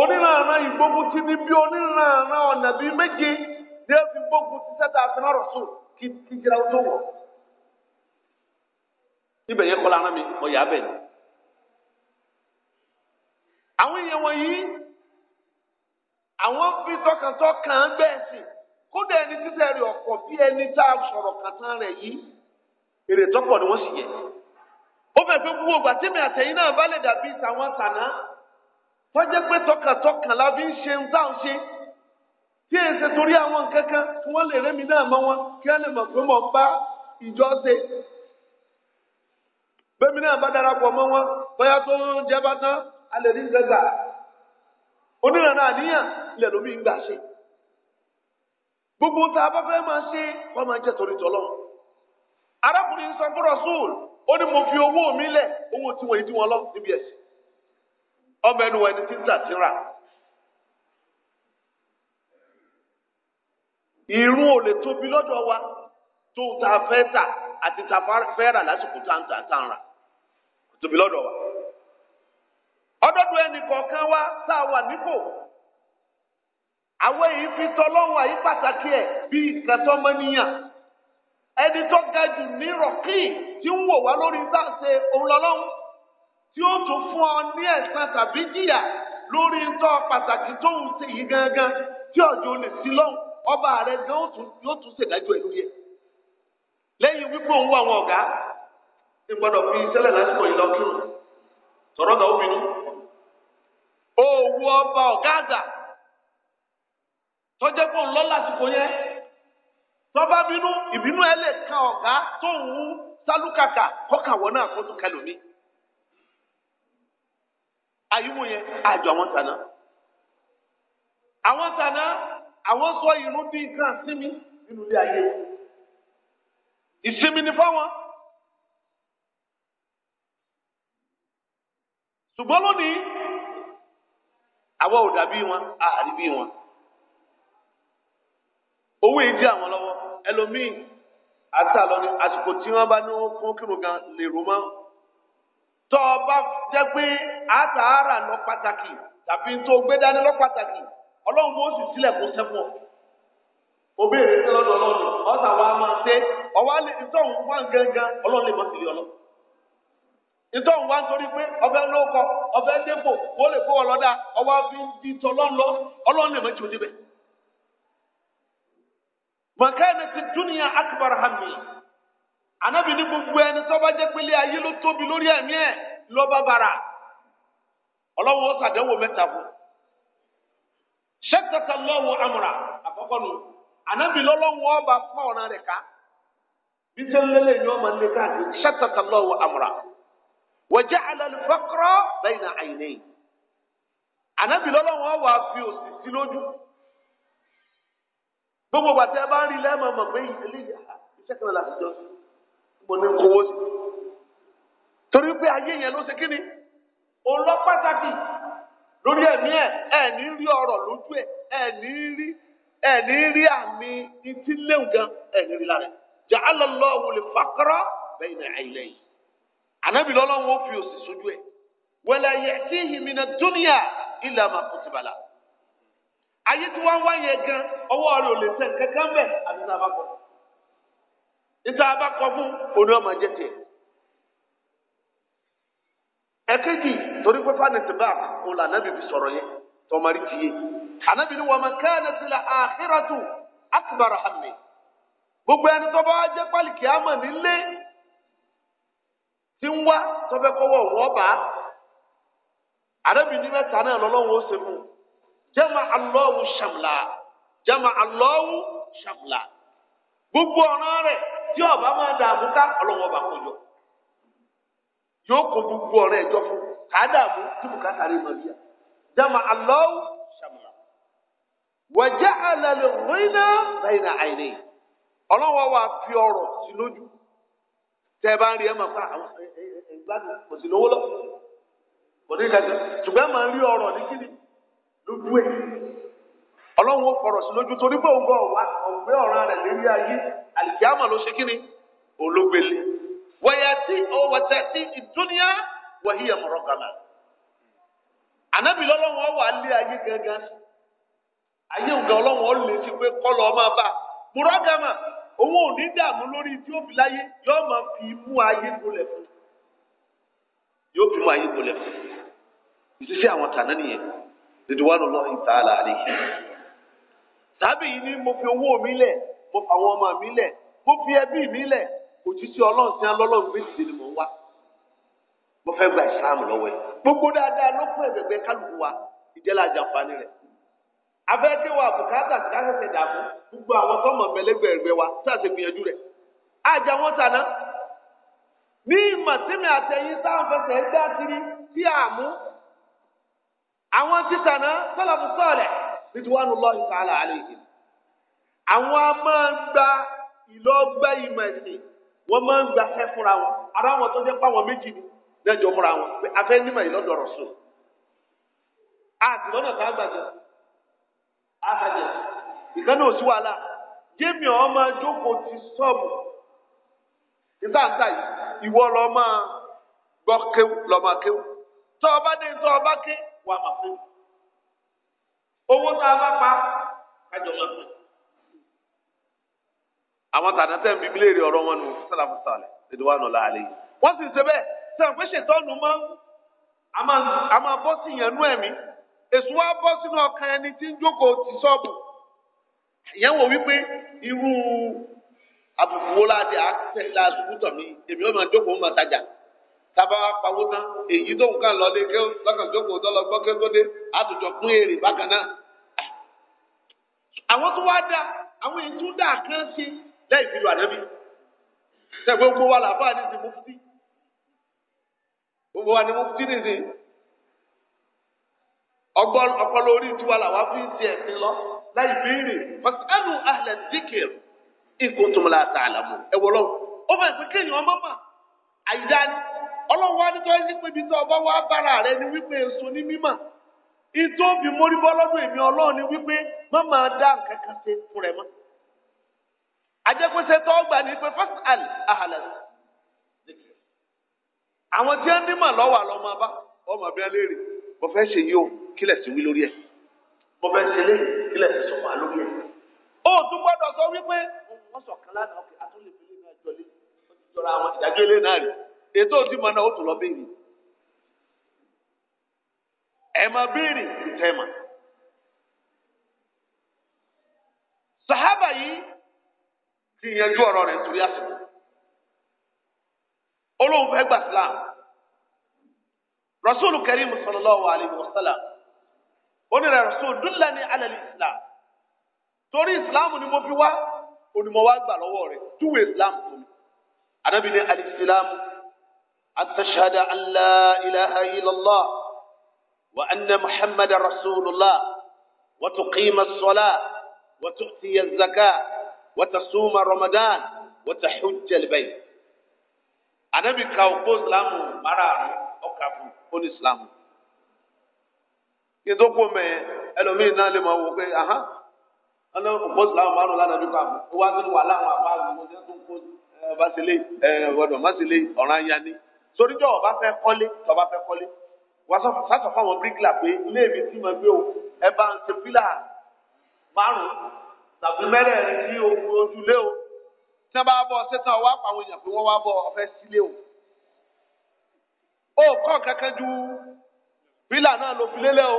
onírànà ìgbógun ti ní bí onírànà ọ̀nà bíi méje ní ẹ fi gbógun ti sẹ́ta àfin ọ̀rọ̀ sùn kí kíkìlá tó wọ̀ ibẹ̀ yẹ kọ́ lára mi mo yà á bẹ̀ ni àwọn èèyàn wọ̀nyí àwọn fi tọkàntọkàn gbẹ̀sìn kódà ẹni títẹ̀ rẹ̀ ọ̀pọ̀ bí ẹni tá a sọ̀rọ̀ kàtàn rẹ̀ yìí èrè tọ́pọ̀ ni wọ́n sì yẹ. ó fẹ́ pé gbogbo ìgbà tèmi àtẹ̀yìn náà bá lè dàbí tàwọn tàná tọ́jẹ́ pé tọkàntọkàn la fi ń ṣe ń tá à ń ṣe tí èyí ṣe torí àwọn nǹkan kan tí wọ́n lè rémi náà mọ́ wọn kí wọ́n lè mọ̀ pé mọ̀ bá ìjọ ṣe. bẹ́ẹ̀ mi náà bá darapọ̀ mọ́ wọn bóyá tó jẹ́ bá tán alẹ́ rí nǹkan gbà onírànà àníyàn ilẹ̀ lómi ń gbà ṣe gbogbo tá a bá fẹ́ máa ṣe wọ́n máa jẹ́ torí tọ́lọ́ arákùnrin sọ fún rasul ó ní mo fi owó mi lẹ̀ owó tiwọn ìdí wọn lọ níbi ẹ̀sìn ọmọ ẹnu ẹni tí ń tà ti rà irun ò lè tóbi lọ́dọ̀ wa tó ta fẹ́ tà àti ta fẹ́ rà lásìkò tá ń tà tá ń rà tóbi lọ́dọ̀ wa ọdọdọ ẹnì kọ̀ọ̀kan wa tá a wà nípò àwọn èyí fi tọlọ́wọ́ àyí pàtàkì ẹ̀ bíi kẹtọ́mọ́níyàn ẹni tó ga jù ní rọ̀kì tí ń wò wá lórí sáàsẹ̀ òǹlọ́lọ́hún tí ó tún fún ọ ní ẹ̀san tàbí jìyà lórí ntọ́ pàtàkì tó ń ṣe yìí gangan tí ọ̀jọ̀ lè sí lọ́hùn ọba rẹ̀ gan yóò tún ṣèdájọ́ ẹ̀ lórí ẹ̀ lẹ́yìn wípé òun wà wọn ọ̀gá ìgbọ́dọ̀ fi sẹ́lẹ̀ lásìkò yìí sọ̀rọ̀ gà ómìnú owó ọba ọ̀gá àgbà tọ́jẹ́ pọ̀ ńlọ lásìkò yẹn tọ́ba bínú ìbínú ẹ lè ka ọ̀gá tó ń wú sálúkàkà kọ́kàwọ́ náà kó tún kẹlòmí àyíwò yẹn àjọ àwọn tànà àwọn tànà àwọn sọ ìrún bíi nǹkan sinmi nínú ilé ayé ìsinmi ni fáwọn. ṣùgbọ́n lónìí àwa ò bí wọn àárí bí wọn owó ìdí àwọn lọ́wọ́ ẹlòmíì àtàlọ́ ni àsìkò tí wọ́n bá ní wọ́n fún kírun gan lè rò mọ́ tọ́ ọ bá jẹ́ pé àtàárà lọ pàtàkì tàbí tó gbé dání lọ pàtàkì ọlọ́run sì sílẹ̀ kó sẹ́fọ̀ òbí ọlọ́run ọ̀sà wa máa ṣe ọlọ́run lè sílẹ̀ ọlọ́run. ìtọ́ ń wá nítorí pé ọbẹ̀ lóko ọbẹ̀ dépò wọ́n lè kó ọlọ́dà ọwọ́ fi ń di tọ́lọ́n lọ ọlọ́run lè mọ̀kẹ́ni ti dúnìyà akbar hami anábì ní gbogbo ẹni tó bá jẹ́ pélé ayé ló tóbi lórí ẹ̀mí ẹ̀ lọ́ba bàrà ọlọ́run ó sàdéwò mẹ́ta fún. lọ́wọ́ amúra àkọ́kọ́ nù lọ́lọ́run waja'ala al-faqra bayna aynayhi ànábì lọ́lọ́wọ́n wà fi òsì sí lójú gbogbo bàtẹ́ bá ń rí lẹ́mọ̀ mọ̀ pé eléyà ah, iṣẹ́ kan láti jọ sí mo ní kówó sí torí pé ayé yẹn ló ṣe kí ni òun lọ pàtàkì lórí ẹ̀mí ẹ̀ ẹ̀ ní rí ọ̀rọ̀ ànábì lọ́lọ́wọ́ fi òsì sójú ẹ̀ wala ya'tihi mina dunya illa ma kutiba la ayé tí wọ́n wá yẹn gan ọwọ́ rẹ̀ ò lè tẹ̀ kankan bẹ̀ àti tá a bá kọ̀ níta a bá kọ̀ fún òní ọmọ jẹ tiẹ̀ ẹ̀kejì torí pé fáńtì bá kò là ànábì fi sọ̀rọ̀ yẹn tọmọrí tiye ànábì ni wa man kanat la akhiratu akbar hammi tí ń wá tọ́fẹ́ kọ́wọ́ wọ́n bá arábìnrin mẹ́ta náà lọ́lọ́wọ́ ó ṣe fún un jama alọ́wù ṣàmùlà jama alọ́wù ṣàmùlà gbogbo ọ̀ràn rẹ̀ tí ọba máa dààmú ká ọlọ́wọ́ bá kó jọ yóò kó gbogbo ọ̀rẹ́ ẹ̀jọ́ fún ká dààmú tí bùkátà rẹ̀ máa bíyà jama alọ́wù ṣàmùlà wàjá àlàlẹ̀ rìnnà bẹ́ẹ̀ ní àìní ọlọ́wọ́ wa fi ọ̀rọ̀ sí lójú. tẹ́ bá ń rí ẹ máa fa àwọn ìgbádùn kò sí lówó lọ kò ní ṣùgbọ́n máa ń rí ọ̀rọ̀ ní kíni lójú ẹ̀ ọlọ́run ó kọ̀rọ̀ sí lójú torí pé òun bọ̀ ọ̀gbẹ́ ọ̀ràn rẹ̀ lérí ayé àlìkíámà ló ṣe kíni ọ̀wà òun ò ní dààmú lórí tí ó fi láyé yóò máa fi mú ayé gbolẹ̀ fún yóò fi mú ayé gbolẹ̀ fún ìṣiṣẹ àwọn tàná nìyẹn ridwanu Allahi ta'ala alayhi tàbí yìí ni mo fi owó mi lẹ̀ mo fi àwọn ọmọ mi lẹ̀ mo fi ẹbí mi lẹ̀ òjíṣẹ́ Ọlọ́run sí alọlọrun méjì ni mò ń wá mo fẹ́ gba ìsìlámù lọ́wọ́ ẹ gbogbo dáadáa ló pẹ bẹbẹ kálukú wa ìjẹlá àjàǹfààní rẹ̀ abẹ́kẹ́ wa bùkátà sí kásẹ̀sẹ̀ dààmú gbogbo àwọn tọ́mọ̀ mẹlẹ́gbẹ̀rẹ̀gbẹ̀ wa sáàsì gbìyànjú rẹ̀ àjà wọn tàná ní ìmọ̀tẹ́mi àtẹ̀yìn táwọn fẹsẹ̀ ń dá kiri sí àmú àwọn ti tàná sọ́lọ́mù sọ́ọ̀lẹ̀ nítorí wọn lọ ta'ala alayhi àwọn a máa ń gba ìlọ́gbà ìmọ̀ ẹ̀sìn wọ́n máa ń gba fẹ́ fúnra wọn ara wọn tó jẹ́ pàwọn méjì ni lẹ́jọ́ fúnra wọn afẹ́ nímọ̀ ìlọ́dọ̀rọ̀ sùn àtìlọ́nà tá gbàgbọ́ àfẹjẹ ìkan náà sí wàhálà jẹmi ọmọ jókòó ti sọọbù nígbà tá yìí ìwọ lọ máa gbọ́ kéwù lọ máa kéwù tọ ọba dé tọ ọba ké wà máa pé owó tá a bá pa kájọ máa pè àwọn tàdá tẹ̀ ń bíbí léèrè ọ̀rọ̀ wọn nù sálàmù sàlẹ̀ ìdíwà nù láàlẹ́ yìí wọ́n sì ṣe bẹ́ẹ̀ sẹ́wọ̀n pé ṣètọ́nù máa ń a máa bọ́ sí ìyẹn nú ẹ̀mí èso wa bọ́ sínú ọkàn ẹni tí ń jókòó ti sọ́ọ̀bù ìyẹn wò wípé irú àbùkù wo láti àtẹlẹ àsùkútọ mi èmi ọmọ jókòó ọmọ tajà tábà pawó tán èyí tó nǹkan lọlé kí lọkàn jókòó tó lọ gbọ́ kí ló dé àtòjọ pín èrè bákan náà. àwọn tó wá dá àwọn èyí tó dá kan sí lẹ́yìn ìlú àdébí tẹ gbogbo wa làbá ní mufti gbogbo wa ní mufti nìyí. ọgbọ́n ọpọlọ orí wà làwọn fi ń ti ẹ̀sìn lọ láì béèrè ahlẹ̀ díkìr la lọ ó fẹ́ pé kéèyàn ọmọ mà ni ọlọ́run wa ní tó ibi ọba bára rẹ ni wípé èso ní èmi ọlọ́run ni wípé má máa dá nǹkan kan ṣe fún rẹ mọ́ tó ní pé fásitì mo fẹ́ ṣe yìí o kílẹ̀ sí wí lórí ẹ̀ mo fẹ́ ṣe lé kílẹ̀ sí sọ wà lórí ẹ̀. ó tún gbọ́dọ̀ sọ wípé wọ́n sọ kan lánàá ọkẹ́ àtúnlẹ̀ ìpínlẹ̀ náà jọlé jọra àwọn ìdájọ́ ilé náà rè ètò òdì mọ náà ó tún lọ béèrè ẹ̀ máa béèrè ìtẹ́ mà. sàhábà yìí ti yanjú ọ̀rọ̀ rẹ̀ torí àsìkò olóhùn fẹ́ gbà sílámù rasulu karim sallallahu alayhi wa sallam onírẹ̀ rasul dúnlẹ̀ ní alẹ́ islam torí islam ni mo fi wá onímọ̀ wá gbà lọ́wọ́ rẹ̀ túwé islam fún mi anabi ní alẹ́ islam atashada an la ilaha illallah wa anna muhammad rasulullah wa tuqima as-salah wa tu'ti az-zakah wa tasuma ramadan wa tahujja al-bayt anabi ka òkú islam mara rẹ̀ ọkà fún ó ní islam kí n tó kó mẹ ẹlòmíín náà lè máa wò pé ahán ọlọ òpó islam márùn lánàá bí kà fún ó wá sínú wàhálà àwọn àbá àgbọn tó ń kó ọba sílé ọdọ má sílé ọ̀ràn ya ni soríjọ ọba fẹ́ kọ́lé ọba fẹ́ kọ́lé wàásọ fáwọn bíríkìlà pé ilé mi tí mo gbé o ẹ bá ń ṣe pílà márùn tàbí mẹ́rẹ̀ẹ̀rin ní ojúlé o tí wọ́n bá bọ̀ ṣé tán wá pa àwọn èèyàn pé wọ́n wá bọ̀ ọ̀fẹ́ sílé o ó kọ́ kankan ju bílà náà ló fi lélẹ̀ o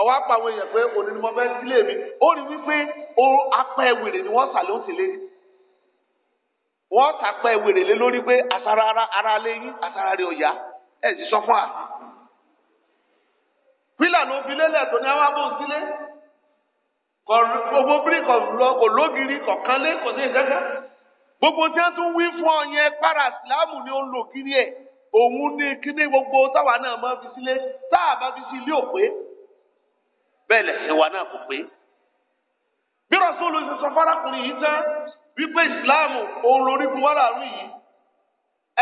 ọwọ́ apá àwọn èèyàn pé òní ni mo fẹ́ sílé mi ó rí wípé apá ẹ̀wèrè ni wọ́n sà ló ń tẹ̀lé wọ́n tàpá ẹ̀wèrè lé lórí pé àsárá ara lé yín àsárá rẹ̀ ọ̀yá ẹ̀ sì sọ fún wa pílà ló fi lélẹ̀ tó ní àwọn abó sílé gbogbo bírí kò lọ kò lógiri kò kánlé kò sí ìkẹ́kẹ́ gbogbo tí wọ́n tún wí fún ọ yẹn para ìsìlámù ni ó ń lò kiri ẹ̀. òun ní kíní gbogbo táwa náà máa fi sílé tá a bá fi sí ilé òpé bẹ́ẹ̀ lẹ̀sìn wa náà kò pé. bí rọ́sọ́lù ṣe sọ fárákùnrin yìí tán wípé ìsìláàmù òun lórí gun wàhálà rú yìí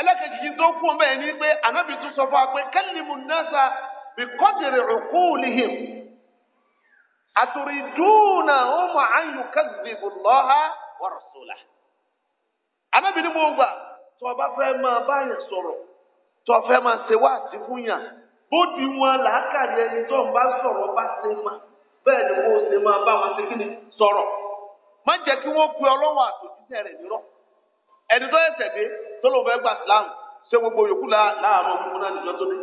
ẹlẹ́kẹ̀jì yìí tó bẹ́ẹ̀ ni pé ànábì tún sọ fún wa pé kẹ́lìmù nasa bí kọ́tìrì òkú lìhìn àtòrídùnà ọmọ àyù kẹ́sìbù lọ́ha ànábì ni mo gbà tó o bá tó fẹ́ máa ṣe wá àti fún yàn bódi wọn làákàrí ẹni tó ń bá sọ̀rọ̀ bá ṣe bẹ́ẹ̀ ni ṣe máa bá wọn ṣe kí ni sọ̀rọ̀ má jẹ́ kí wọ́n pe ọlọ́wọ́ rẹ̀ nírọ̀ ẹni tó ẹsẹ̀ dé tó ló fẹ́ gbà ṣé gbogbo yòókù láàmú ọkùnrin náà nìjọ tó dé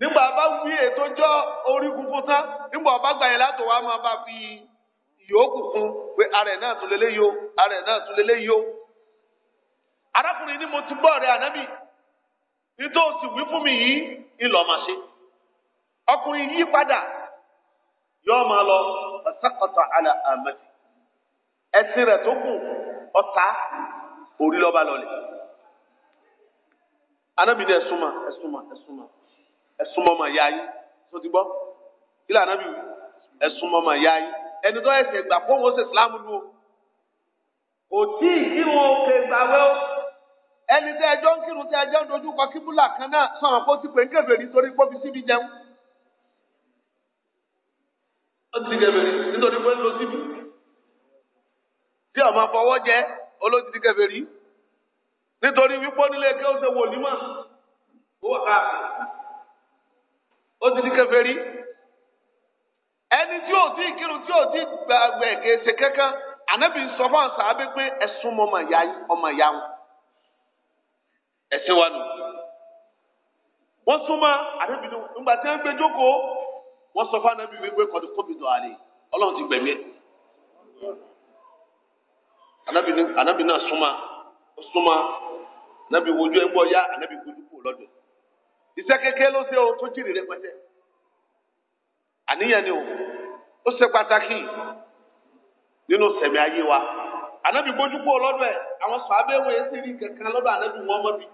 nígbà bá wí ètò jọ orígun fún tán nígbà bá gbà yẹn látò wá máa bá fi yòókù fún pé náà tún lélẹ́yìí o ara náà nítorí o sì wí fún mi yìí ńlọ máa ṣe ọkùnrin yí padà yóò máa lọ ọ̀sàkọ̀tà àlà àmàtì ẹsìn rẹ̀ tó kù ọ̀tá orí lọ́ba lọlẹ̀ anábìdẹ ẹ̀sùnmà ẹ̀sùnmà ẹ̀sùnmà ẹ̀sùnmà ọmọ ìyá yín tó ti gbọ́ kílà anábì ẹ̀sùnmà ọmọ ìyá yín ẹni tó ẹsẹ̀ gbà fún wọn ṣe Islam lu o kò tí ì kí wọn ò kè o ẹni tẹ ẹjọ ń kírun tẹ ẹjọ ń dojú kọ kíbúlà kan náà sàn àpò tí pé ń kébè nítorí pé ó fi síbi jẹun. ó ti kébè nítorí pé ń lo síbi tí ọmọ fọwọ́ jẹ olóòtú ti kébè rí nítorí wípé onílé kí ó ṣe wòlímọ̀ ó wà ká ó ti di kébè rí ẹni tí ò tí kírun tí ò tí gbàgbẹ́ kèsè kankan ànábì sọ fún àṣà abẹ́gbẹ́ ẹ̀sùn ọmọ ìyá wọn. ẹ̀sìn wa nù. wọ́n súnmọ́ àdébí nígbà tí wọ́n gbé jókòó wọ́n sọ fún anábì wípé kọ́ni kóbi dọ̀ àlè ọlọ́run ti gbẹ̀mí ẹ̀. anábì náà súnmọ́ ó súnmọ́ anábì wojú wojú ni o ó ṣe pàtàkì nínú wa anabi àwọn sọ abẹ́wò rí kankan wọn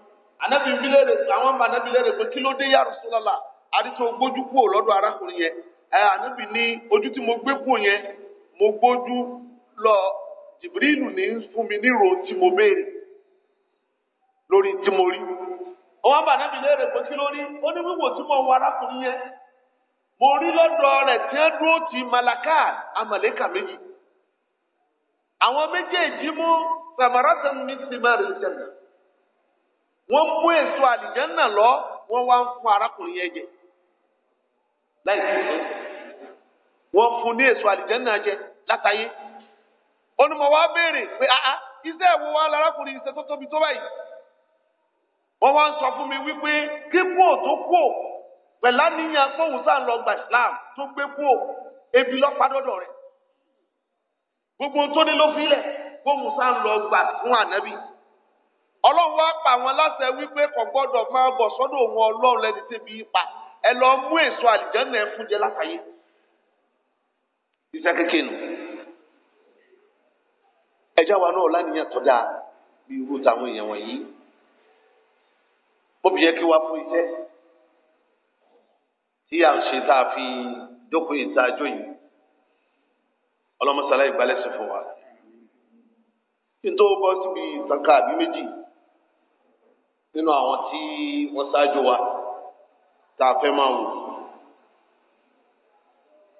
anabi wílé rẹ àwọn ọmọ anabi lẹrẹ pé kí ló dé yà Rasulullah àdìsọ gbójú kúrò lọ́dọ̀ arákùnrin yẹn ẹ anabi ní ojú tí mo gbé kú yẹn mo gbójú lọ Jibrilu ní fún mi níro tí mo béèrè lórí tí mo rí àwọn ọmọ anabi lẹrẹ pé kí ló rí ó ní wíwò tí mo wọ arákùnrin yẹn mo rí lọ́dọ̀ rẹ̀ tí ẹ dúró ti malaka amaleka méjì àwọn méjèèjì mú samaratan min simaril janna wọ́n mú èso àlìjánà lọ wọ́n wá ń fún arákùnrin yẹn jẹ láì sí ìfẹ́ wọ́n fún ní èso àlìjánà jẹ látàyé onímọ̀ wa béèrè pé àá iṣẹ́ ìwo wa lárákùnrin iṣẹ́ tó tóbi tó báyìí wọ́n wá ń sọ fún mi wípé kíkú ò tó kú pẹ̀lá níyàn pọ̀hùn sáà lọ gba Islam tó gbé kú ebi lọ́pàá dọ́dọ̀ rẹ̀ gbogbo tó ní ló fi lẹ̀ pọ̀hùn sáà lọ gbà fún ànábì ọlọ́run wá pa àwọn aláṣẹ wípé kò gbọ́dọ̀ máa bọ̀ sọ́dọ̀ òun ọlọ́run lẹ́ni tẹ́bi ipa ẹ lọ mú èso àlìjánná ẹ fún jẹ látàyè iṣẹ́ kékeré nù ẹjá wa náà lánìyàn tó dáa bí irú táwọn èèyàn wọ̀nyí bóbi yẹ kí wá fún iṣẹ́ tí à ń ṣe tá a fi jókòó yìí tá a jó yìí ọlọ́mọṣáláì gbalẹ̀ sí fún wa kí n tó bọ́ síbi ìtànkà àbí méjì nínú àwọn tí wọ́n ṣáájú wa tá a fẹ́ máa wò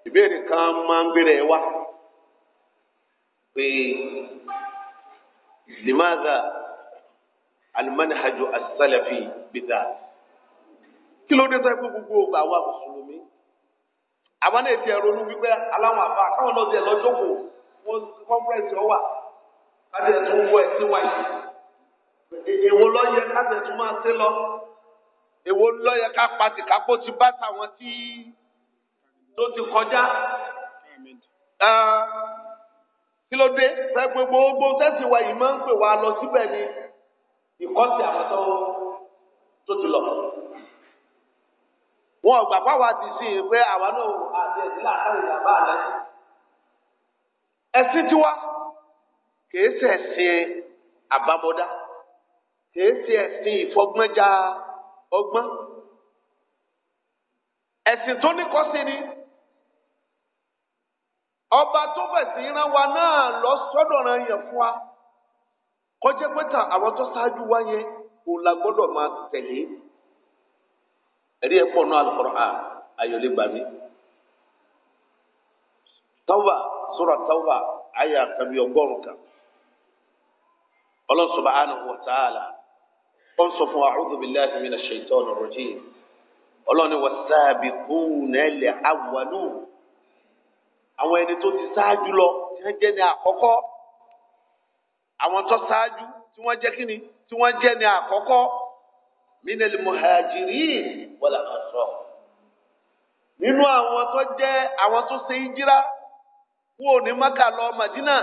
ìbéèrè kan máa ń gbére ẹ wá pé limaza alimanihaju asalafi bidà kí ló dé sẹ́kù gbogbo ọgbà wa mùsùlùmí àwọn náà ti ẹ̀rọ wípé aláwọn àbá káwọn náà ti ẹ̀ lọ́jọ́ kò wọ́n kọ́ńfẹ́rẹ́nsì ọ̀wà láti ẹ̀ tó wọ ẹ̀ sí wáyé èwo ló yẹ ká tẹ̀tún máa ṣe lọ èwo ló yẹ ká pàtì kápó ti bá tàwọn tí tó ti kọjá kí ló dé pẹ́pẹ́ gbogbo tẹ́sí wa yìí máa ń pè wá lọ síbẹ̀ ni ìkọ́sí àwọn tó tó ti lọ. wọn ò gbà fáwọn àdìsí yìí pé àwa náà àti ẹ̀sìn làkàrẹ̀ ìyàbá àlẹ́. ẹ̀sìn tiwa kìí ṣẹ̀sìn àbámọ́dá. èsì ẹ̀sìn ìfọgbọ́njà ọgbọ́n ẹ̀sìn tó ní ọba tó fẹ̀sìn wa náà lọ sọ́dọ̀ ran yẹn fún wa kọjá àwọn tó ṣáájú wa yẹn kò la gbọ́dọ̀ máa tẹ̀lé ẹ̀rí ẹ̀ pọ̀ náà Al-Qur'an ayọ̀lẹ̀ gbà ó ń sọ fún a'udhu billahi minash shaitani rajim ọlọ́ni was-sabiquna al-awwalun àwọn ẹni tó ti ṣáájú lọ tí wọ́n jẹ́ ní àkọ́kọ́ àwọn tó ṣáájú tí wọ́n jẹ́ kíni tí wọ́n jẹ́ ní àkọ́kọ́ minal muhajirin wal ansar nínú àwọn tó jẹ́ àwọn tó ṣe hijira kúrò ní Mẹ́kà lọ Mádínà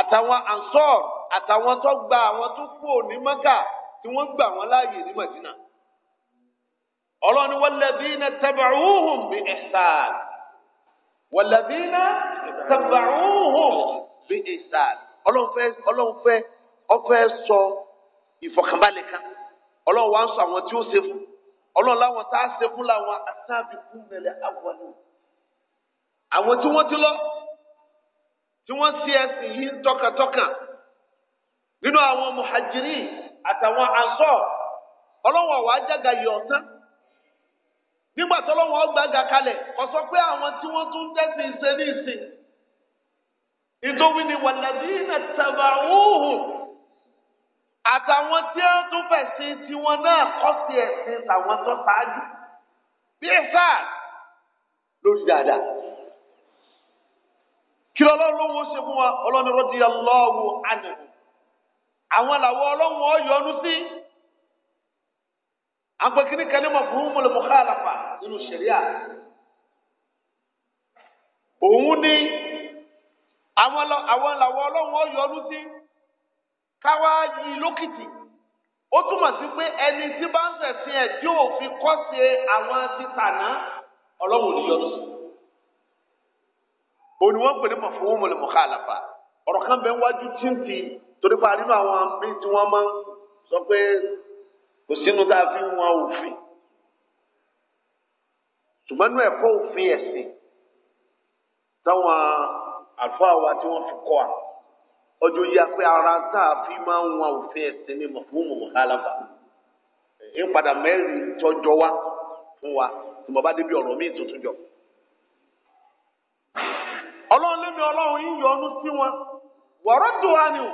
àtàwọn ansar àtàwọn tó gba àwọn tó kúrò ní Mẹ́kà tí wọ́n gbà wọ́n láàyè ní Madina ọlọ́ni walladhina taba'uuhum bi ihsan walladhina taba'uuhum bi ihsan ọlọ́nfẹ́ ọlọ́nfẹ́ ọfẹ́ sọ ìfọkànbalẹ̀ kan ọlọ́run wa ń sọ àwọn tí ó ṣe fún ọlọ́run láwọn tá a ṣe fún làwọn asáàbì fún mẹ́lẹ̀ àwọn àwọn tí wọ́n ti lọ tí wọ́n ṣe ẹ̀sìn yìí tọkàntọkàn nínú àwọn muhajirin àtàwọn asọ ọlọ́wọ́ wa jága yọ̀ tán nígbà tọ́lọ́wọ́ gbàgà kalẹ̀ kò sọ pé àwọn tí wọ́n tún tẹ́sí ṣe ní ìsìn ìtòwí ni wàlàdínà tàbàwùhù àtàwọn tí wọ́n tún fẹ̀sìn tiwọn náà kọ́ sí ẹ̀sìn tàwọn tó ṣáájú bí ẹ̀sà lórí dáadáa kí ọlọ́run ló wọ́n ṣe fún wa ọlọ́run rọ́dí aláwọ̀ ànàmù àwọn làwọn ọlọ́run ọ̀yọ́nu sí àpèkínní kan ní mafhumul mukhalafa nínú ṣẹ̀ríà òun ni àwọn làwọn ọlọ́run ọ̀yọ́nu sí káwá yí lókìtì ó túmọ̀ sí pé ẹni tí bá ń ṣẹ̀sìn ẹ̀ tí ò fi kọ́ ṣe àwọn títànà ọlọ́run ò ní yọ́nú sí òun ni wọ́n pè ní mafhumul mukhalafa ọ̀rọ̀ kan bẹ́ẹ̀ wájú tíntìn torí pa nínú àwọn míì tí wọ́n máa ń sọ pé kò sínú tá a fi ń wọn òfin ṣùgbọ́n nínú ẹ̀kọ́ òfin ẹ̀sìn táwọn àlùfáà wa tí wọ́n fi kọ́ à ọjọ́ yíya pé ara tá a fi máa ń wọn òfin ẹ̀sìn ní mọ̀fúnmù mọ̀kálàfà ń padà mẹ́rin tọ́jọ́ wa fún wa tí mo bá débi ọ̀rọ̀ míì tuntun jọ. ọlọ́run lémi ọlọ́run yín yọ sí wọn wọ̀rọ̀ tó wá ni o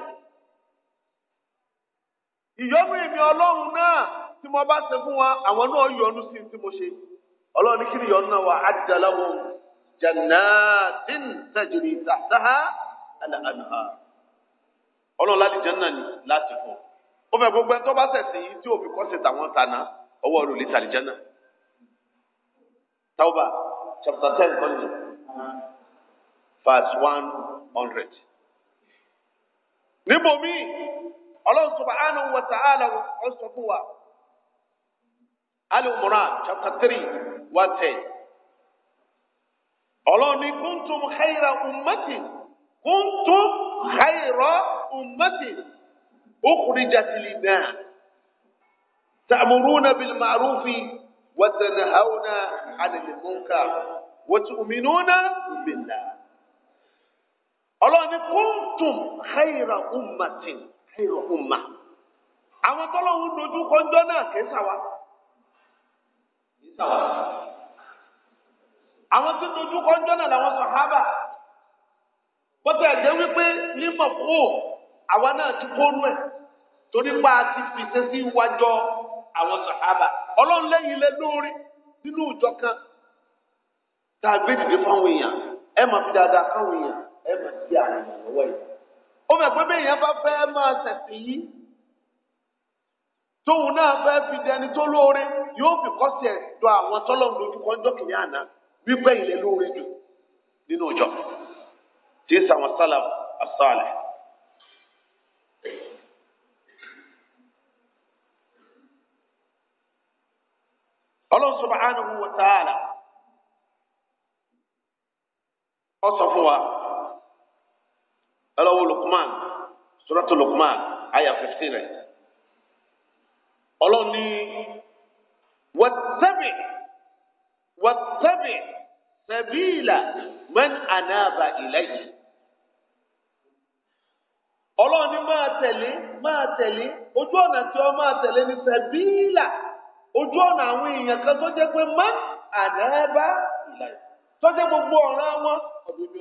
ìyọ́nú èmi ọlọ́run náà tí mo bá ṣe fún wa àwọn náà yọ́nú sí tí mo ṣe ọlọ́run ní kí ni yọ́nú náà wà á dàlá wọn jannatin tajri tahtaha al-anha ọlọ́run láti janna ni láti fún ó fẹ́ gbogbo ẹ tó bá ṣẹ̀sìn yìí tí òfin kọ́sẹ̀ tàwọn tànà ọwọ́ rò lè tàlí janna tauba chapter ten kọ́ni verse one hundred níbo míì. Allah subhanahu wa ta'ala ó al-Imran chapter 3 verse 10 Allah ní kuntum khayra ummati kuntum khayra ummati ukhrijat lina ta'muruna bil ma'rufi wa tanhauna 'anil munkar wa tu'minuna billah Allah ní kuntum khayra ummatin. khairu umma àwọn tọ́lọ́hún dojú kọjọ́ náà kì wa, sàwá kì àwọn tó dojú kọjọ́ náà làwọn sàhábà bọ́tà ẹ̀jẹ̀ wípé mímọ̀ kú àwa ti ẹ̀ torí pa ti fìṣẹ́ sí iwájọ́ àwọn sàhábà ọlọ́run lẹ́yìn kan tá a gbé dìde fáwọn èèyàn ẹ máa fi dáadáa fáwọn èèyàn ẹ àwọn ó mọ̀ pé bẹ́ẹ̀ yẹn bá fẹ́ máa tẹ̀sìn yìí tóun náà fẹ́ fi dẹni tó lóore yóò fi kọ́sì ẹ̀ dọ àwọn tọ́lọ́mù lójú kan jọ́ kìnìún àná wípé ilẹ̀ lóore jù nínú ìjọ tí sàwọn sálà àsálẹ̀. ọlọ́run subhanahu wa ta'ala sọ fún wa. ẹlọ́wọ́ Lukman suratu Lukman aya 15 rẹ̀ ọlọ́run ní wattabi wattabi sabila anaba máa tẹ̀lé máa tẹ̀lé ojú ọ̀nà tí ó máa tẹ̀lé ní sabila ojú ọ̀nà àwọn èèyàn kan tó jẹ́ pé anaba ilayhi tó jẹ́ gbogbo ọ̀ràn wọn ọ̀dọ̀ ìbí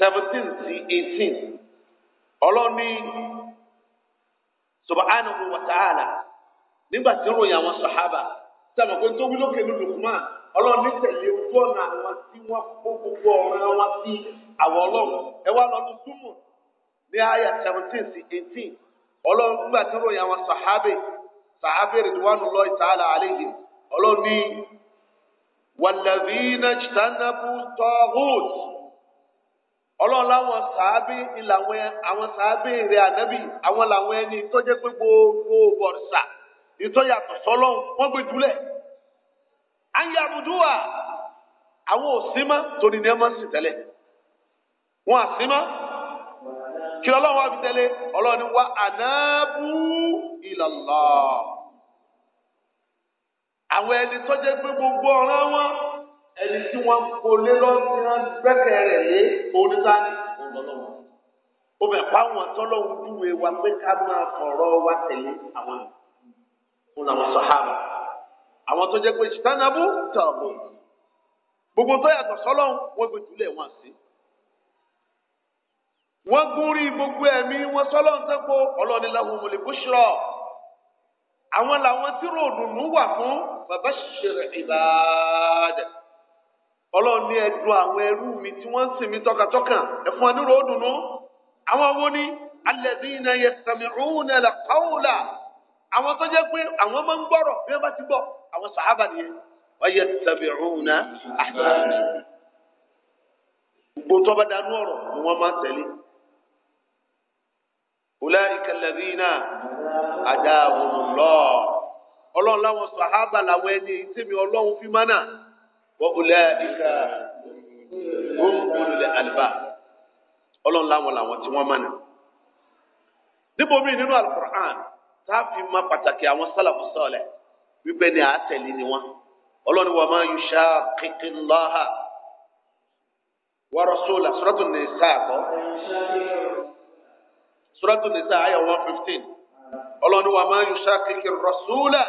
seventeen sí eighteen ọlọ́ni subhanahu wa ta'ala nígbà tí ó sábà pé tó ní ọlọ́run ní tẹ̀lé ojú ọ̀nà àwọn tí wọ́n kó gbogbo wọn sí àwọn ọlọ́run ẹ wá lọ́dún túmọ̀ ní àyà sí eighteen ọlọ́run nígbà tí ó ròyìn àwọn sàhábà sàhábà ridwanullahi ta'ala alayhim ọlọ́run ní wàlàbí náà ọlọ́run láwọn sàábì ìlàwọn àwọn sàábì rẹ̀ ànábì àwọn làwọn ẹni tó jẹ́ pé gbogbo bọ̀rìṣà ìtọ́yàtọ̀ sọlọ́run wọ́n gbé jùlẹ̀ ayélujára àwọn òsínmá torí ní ẹ máa ń sìn tẹ́lẹ̀ wọn àsínmá kí ọlọ́run wá fi tẹ́lẹ̀ ọlọ́run wá ànábù ìlàlọ́ àwọn ẹni tó jẹ́ pé gbogbo ọ̀ràn wọn ẹni tí wọ́n kó lé lọ́sí hàn gbẹ́kẹ̀ rẹ̀ lé onídàáni ọlọ́lọ́wọ́ ó bẹ̀ pa àwọn tọ́lọ́hún dúwe wa pé ká máa fọ̀rọ̀ wa tẹ̀lé àwọn fún àwọn sàhábà àwọn tó jẹ́ pé ṣìtánábù tààbù gbogbo tó yàtọ̀ sọ́lọ́hún wọ́n gbé jùlẹ̀ wọn sí wọ́n gún rí gbogbo ẹ̀mí wọn sọ́lọ́hún sẹ́kọ̀ọ́ ọlọ́ọ̀nìláhùn mọ̀lẹ́ bùṣọ̀ àwọn làwọn tí ròdùnú wà fún bàbá ṣẹlẹ̀ ìbàdàn. ọlọ́run ní ẹdùn àwọn ẹrú mi tí wọ́n ń sìn mí ẹ̀fún wa òdùnnú àwọn wo ni sami yastami'una al-qawla àwọn tó jẹ́ pé àwọn máa ń gbọ́rọ̀ bí wọ́n bá ti gbọ́ àwọn sàhábà nìyẹn wa yattabi'una ahsana gbogbo tó bá dánú ọ̀rọ̀ ni wọ́n máa tẹ̀lé ulaika alladhina adahumullah ọlọ́run láwọn sàhábà làwọn ẹni wọ́n ulẹ̀ ìka wọ́n ulẹ̀ àlùbá ọlọ́run láwọn làwọn tí wọ́n mọ̀nà. níbo mi nínú alukur'an tá a fi ma pàtàkì àwọn sálàfù sọ̀lẹ̀ wípé ni à á tẹ̀lé ni wọ́n ọlọ́run wa máa yuṣá kíkín lọ́hà wa rasula suratu nisa kọ́ suratu nisa ayọ̀ one ọlọ́run wa máa yuṣá kíkín rasula.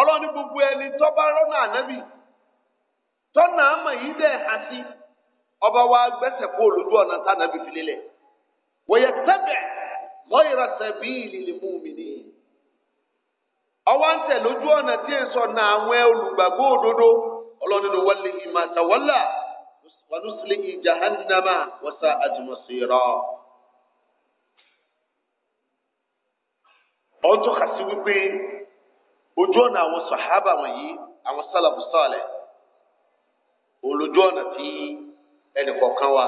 ọlọ́ni gbogbo ẹni tọ́ba rọ́nà ànábì tọ́nà àmọ̀ yìí dẹ̀ hà sí ọba wa gbẹ́sẹ̀ kó olójú ọ̀nà tánàbì fi lélẹ̀ wọ̀yẹ tẹ́bẹ̀ lọ́yẹ̀rẹ̀ sẹ́bí ìlìlẹ̀ mú mi ní. ọwọ́ ń tẹ̀ lójú tí na àwọn olùgbàgbọ́ òdodo ọlọ́ni ló wọlé ìmọ̀ àtàwọ́là wọnúsílẹ̀ jahannama wọ́sà àjùmọ̀síra. ọ̀tún ojú ọ̀nà àwọn sàhábà wọ̀nyí àwọn sálàbù sálẹ̀ olójú ọ̀nà tí ẹnìkọ̀ọ̀kan wa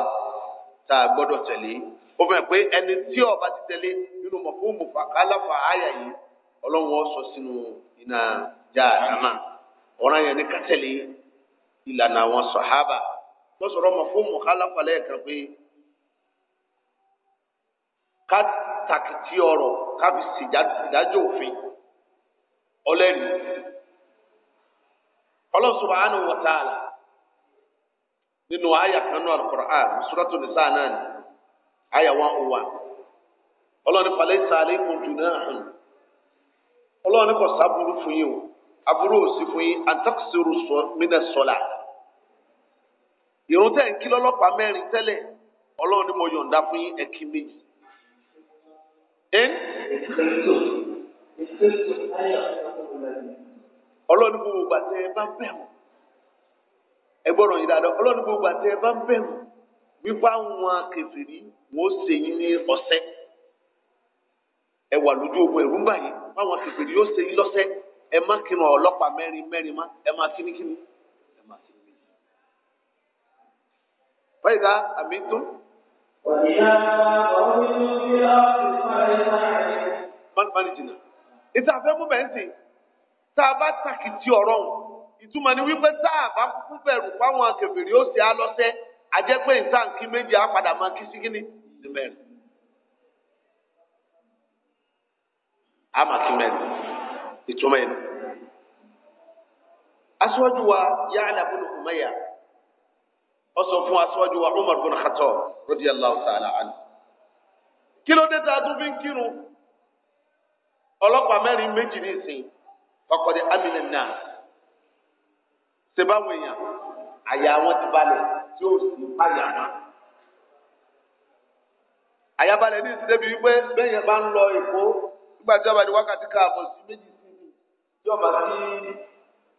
tá a gbọ́dọ̀ tẹ̀lé ó fẹ́ pé ẹni tí ó ti tẹ̀lé nínú mọ̀fóòmù fàkálàfà àyà yìí ọlọ́wọ́ sọ sínú iná jáàdámà ọ̀ràn yẹn ní kátẹ́lé ìlànà àwọn sàhábà wọ́n sọ̀rọ̀ mọ̀fóòmù kálàfà lẹ́ẹ̀kan pé ká tàkìtì ọ̀rọ̀ ká fi ṣèdájọ́ òfin. ọlẹ́nu bụ subhanahu wa ta'ala nínú àyà kanú al-Qur'an Suratul Nisa náà ni àyà wọn ò wà ọlọ́ni falaysa alaykum junahun ọlọ́ni kò sábúrú fún yín o aburú òsì fún yín ń kí lọ́lọ́pàá mẹ́rin tẹ́lẹ̀ mo yọ̀ǹda fún ẹ̀kí méjì. ọlọ́ni gbogbo ìgbà tẹ ẹ bá ń bẹ̀rù ẹ gbọ́dọ̀ yìí dáadáa ọlọ́ni gbogbo ìgbà tẹ ẹ bá ń bẹ̀rù wípé àwọn akẹfìrí wọn ó ṣe yín ní ọ̀sẹ̀ ẹ wà lójú ogun ẹ̀rú ń bà yín fáwọn akẹfìrí yóò ṣe yín lọ́sẹ̀ ẹ má kinu ọlọ́pàá mẹ́rin mẹ́rin má ẹ má kínníkínní ẹ má kínníkínní. báyìí dá àmì tún. wàyà ọ̀hún ní bí a ti fà ẹ́ láàrin. má má ní jìnnà. ìtàfẹ́ mú bẹ́ẹ̀ sìn tá a bá tàkìtì ọ̀rọ̀ ọ̀hún ìtumọ̀ ni wípé tá a bá kúkú bẹ̀rù fáwọn kèfèrí ó ṣe á lọ́sẹ̀ àjẹpẹ́ ìtànkì méjì á padà máa kí sí kíní ní mẹ́rin. a máa kí mẹ́rin ìtumọ̀ yẹn. aṣíwájú wa Ya'la ibn Umayya ó sọ fún aṣíwájú wa Umar ibn Khattab radiyallahu ta'ala anhu. kí ló dé tá a tún fi ń kírun ọlọ́pàá mẹ́rin méjì ní ìsìn ọkọdé amínà náà sebáwọn èèyàn àyà wọn ti balẹ̀ tí ó sì báyà wọn. àyàbalẹ̀ ní ìsìn débi wípé bẹ́yẹn bá ń lọ èkó nígbà tí ọba di wákàtí káàbọ̀ sí méjì sí mi tí ọba sí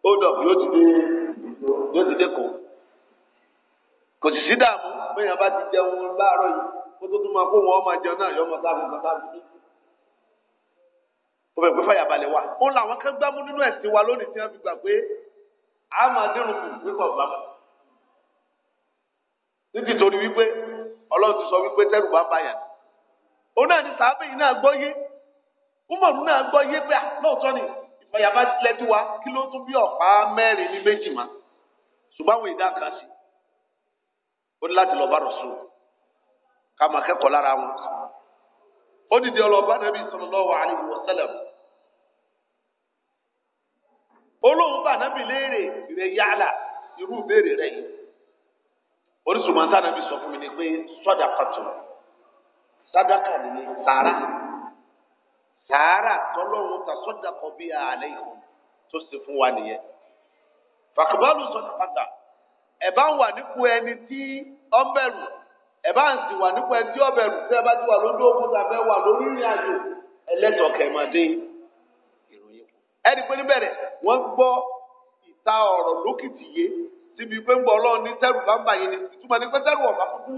hold up yóò ti dé yóò ti dé kò kò sì sí dààmú bẹ́yẹn bá ti jẹun láàárọ̀ yìí kó tó tún máa kó wọn ọmọ jẹun náà yọ ọmọ sáà fún bàbá mi. ó fẹ́ gbé fàyàbalẹ̀ wa òun làwọn kan gbámú nínú ẹ̀sìn wa lónìí tí wọ́n fi gbà pé a máa dẹ́rùn kù wípé ọ̀gbà mọ́ títí torí wípé ọlọ́run ti sọ wípé tẹ́rù bá bá náà sàábì yìí náà gbọ́ yé náà gbọ́ yé pé ah, lóòótọ́ ni ìfàyàbá wa kí ló tún bí ọ̀pá mẹ́rin ní méjì ṣùgbọ́n àwọn ìdá kan sí ó ní láti lọ bá ká máa kẹ́kọ̀ọ́ lára wọn ó dìde ọlọ́ọ̀bá nàbí olóhùn bá nàbì léèrè rẹ yálà irú ìbéèrè rẹ yìí orísun mọ́tà nàbì sọ fún mi ni pé sọ́dà kọ̀tù sádàkà nìyí sàárà sàárà ta sọ́dà kọ bí àlẹ́ yìí tó ṣe fún wa nìyẹn fàkùbálù sọ́dà kọ̀tà ẹ̀ bá wà nípò ẹni tí ọ́ bẹ̀rù bá ń sì wà nípò ẹni tí bẹ̀rù ẹ bá ti wà lójú ogun tàbẹ́ wà lórí ìrìn àjò ẹni pé níbẹ̀rẹ̀ wọ́n gbọ́ ìta ọ̀rọ̀ lókìtì síbi pé ń gbọ́ ọlọ́run ní tẹ́rù bá ń ni ìtumọ̀ ní pé ọ̀bá kúkú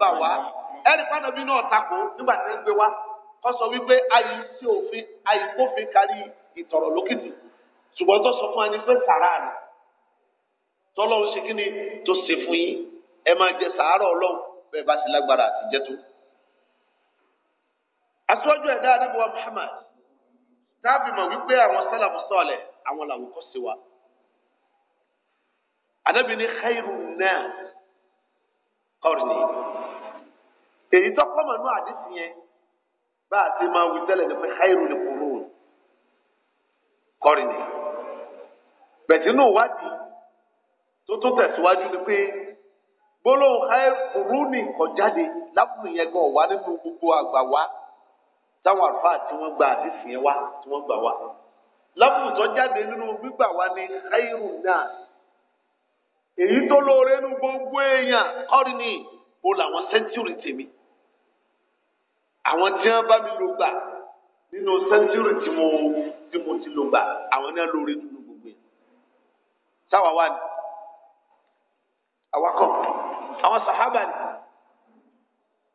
bà wá ẹni náà takò nígbà tí ń gbé wá kọ́ sọ wípé ayé sí òfin ayé kófin kárí ìtọ̀rọ̀ lókìtì ṣùgbọ́n tó sọ fún ẹni pé rẹ̀ tọ́lọ́ ń ṣe kí ni tó ṣe fún yín ẹ máa jẹ ọlọ́run bẹ́ẹ̀ bá ti lágbára àtijẹ́ tó. ẹ̀dá Muhammad táàbì mọ̀ wípé àwọn sálàfù sọ̀lẹ̀ àwọn làwùkọ́ sí wa. Ànábì ní khairu náà qarni. Èyí tó kọ́ mọ̀nú àdísì yẹn bá a ti máa wí tẹ́lẹ̀ ní pé khairu ní qurun qarni. Bẹ̀tínú ìwádìí tó tún tẹ̀síwájú ni pé gbólóhùn khairu quruni kò jáde lábùnú wá nínú gbogbo àgbà wá táwọn àlùfáà tí wọ́n gba àdìsí yẹn wá tí wọ́n gbà wá lábùtọ́ jáde nínú gbígbà wá ní ayélu náà èyí tó lóore nínú gbogbo èèyàn kọ́rin ní mo làwọn sẹ́ńtúrì tèmi àwọn tí wọ́n bá mi lò gbà nínú sẹ́ńtúrì tí mo tí mo ti lò gbà àwọn náà lóore nínú gbogbo yẹn sáwà wà ní àwakọ̀ àwọn sàhábà ní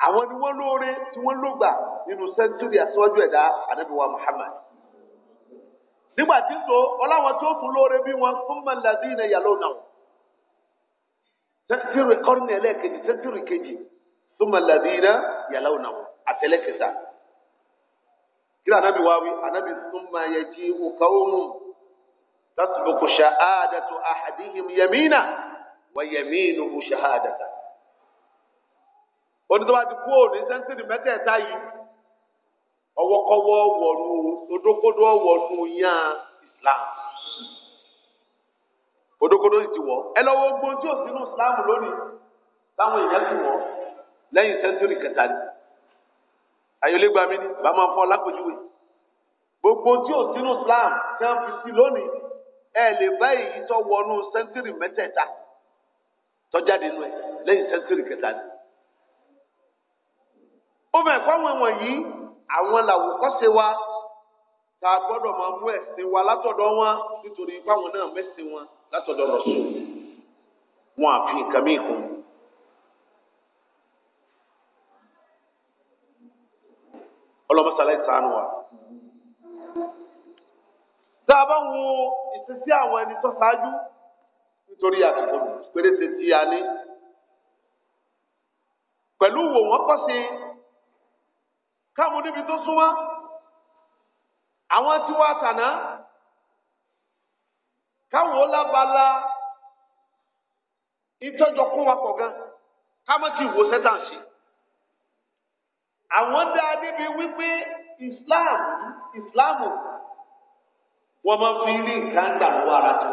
àwọn ni wọ́n lóore tí wọ́n lò gbà nínú sẹ́ńtúrì aṣáájú ẹ̀dá ànábìwá Muhammad nígbà tí so ọláwọn tó fún lóore bí wọn fún mọlẹbí iná yàrá ònà sẹ́ńtúrì kọrin ẹlẹ́ẹ̀kejì sẹ́ńtúrì kejì fún mọlẹbí iná yàrá ònà àtẹlẹkẹta kílá ànábìwá wí ànábì fún mọ òkà òun tàtùbùkù ṣàádàtù àhàdìhìm yẹmínà wà yẹmínú onídọ́wà ti kú òní sẹ́ńtúrì mẹ́tẹ̀ẹ̀ta yìí ọwọ́kọ́wọ́ wọ̀nù odókódó wọ̀nù yàn Islam odókódó sì ti wọ̀ ẹ lọ́wọ́ ogun tí ò sínú Islam lónìí táwọn èèyàn sì wọ̀ lẹ́yìn sẹ́ńtúrì kẹta ni ayọ̀lẹ́gba mi ni bá máa fọ́ lápòjúwe gbogbo tí ò sínú Islam tí wọ́n fi sí lónìí ẹ lè bá èyí tó wọnú sẹ́ńtúrì mẹ́tẹ̀ẹ̀ta tọ́jáde nù ẹ lẹ́yìn sẹ́ńtúrì kẹta ni. ó bẹ̀ fáwọn wọ̀nyí àwọn làwòkọ́ṣe wa tá a gbọ́dọ̀ máa mú ẹ̀sìn wa látọ̀dọ̀ wọn nítorí báwọn náà mẹ́sìn wọn látọ̀dọ̀ rọ̀ṣù wọn àfi nǹkan mí kún. ọlọ́mọsálẹ̀ sànù wa. tá a bá wo ìṣesí àwọn ẹni tó ṣáájú nítorí àtúntò péréte tí a ní pẹ̀lú wò wọ́n kọ́ sí i káàmù níbi tó súnmọ́ àwọn tí wá tàná káwọn ó lábala ìtọ́jọ kún wa pọ̀ gan káàmù tí ìwò sẹ́tàn ṣe àwọn dá débi wípé Islam Islam wọn máa fi rí nǹkan gbà lọ́wọ́ ara tó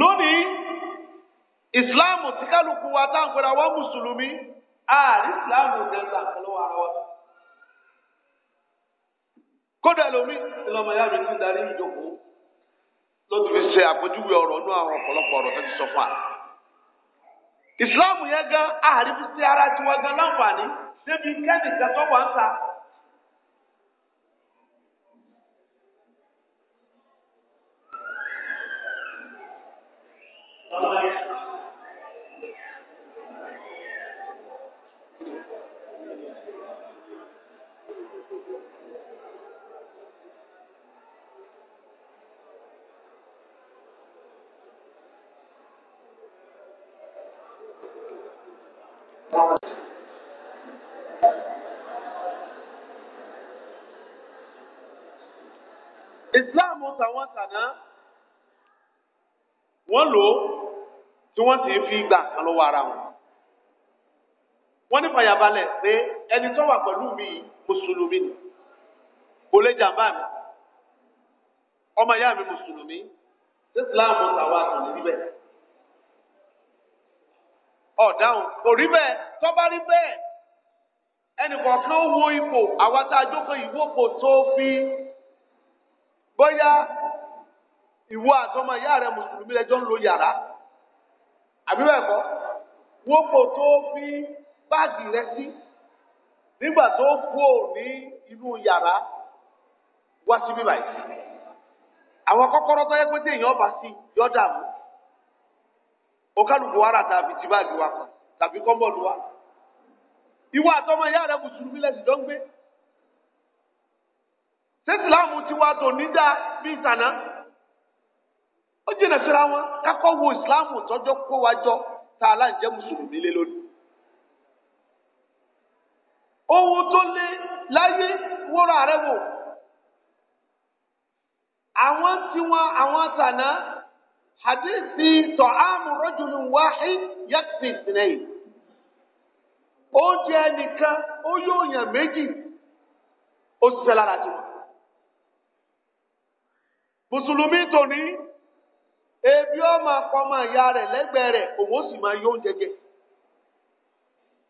lónìí Islam tí kálukú wa táǹkọ́ra wa mùsùlùmí. ààrí ìsìláàmù gẹ̀ẹ́sà kan ló kódà lómi ìlọmọ ìyá ti darí ìjókòó ló fi ṣe àpèjúwe ọ̀rọ̀ nú àwọn ọ̀pọ̀lọpọ̀ ọ̀rọ̀ tó sọ fún wa. ìsìláàmù yẹn gan ààrí wọ́n lò ó tí wọ́n sì fi gbà kan lọ́wọ́ ara wọn. wọ́n ní fàyàbalẹ̀ pé ẹni tó wà pẹ̀lú mi mùsùlùmí ni kò lè jàmbá mi ọmọ ìyá mi mùsùlùmí sísìláàmù tàwa àtàlẹ́ níbẹ̀. ọ̀dáhùn kò rí bẹ́ẹ̀ tó bá rí bẹ́ẹ̀ ẹnìkọ̀ọ̀kan ó wo ipò àwọn tá a jókòó ìwọ́pò tó fi bóyá ìwọ àtọmọ ìyá rẹ mùsùlùmí lẹjọ ń lo yàrá àbí bẹ́ẹ̀ kọ́ wọ́n kò tó fi báàgì rẹ sí nígbà tó kú ò ní inú yàrá wá sí bíbá yìí àwọn kọ́kọ́rọ́ tó yẹ pé téèyàn bá sí yọ dààmú òkàlùkù wàrà tàbí tí báàgì wa kan tàbí kọ́mọ̀lù wa ìwọ àtọmọ ìyá rẹ mùsùlùmí lẹsìn ń gbé sẹ́sìláàmù tiwa tò ní dáa bíi tànà ó jìnnà síra wọn kákọ́ wo ìsìláàmù tọ́jọ́ kó wa jọ tá a láǹjẹ́ mùsùlùmí lé lónìí. ohun tó lé láyé wúrà rẹ wò àwọn tiwọn àwọn tànà hadithi tọ́hámù rọ́jùlùn wáhí yàtì ìsìnẹ́yìn oúnjẹ nìkan ó yóò yàn méjì ó ṣiṣẹ́ lára tiwọn mùsùlùmí tòní. ebi ọmọ ma ìyá rẹ̀ lẹ́gbẹ̀ẹ́ rẹ̀ òun ó sì máa yó oúnjẹ jẹ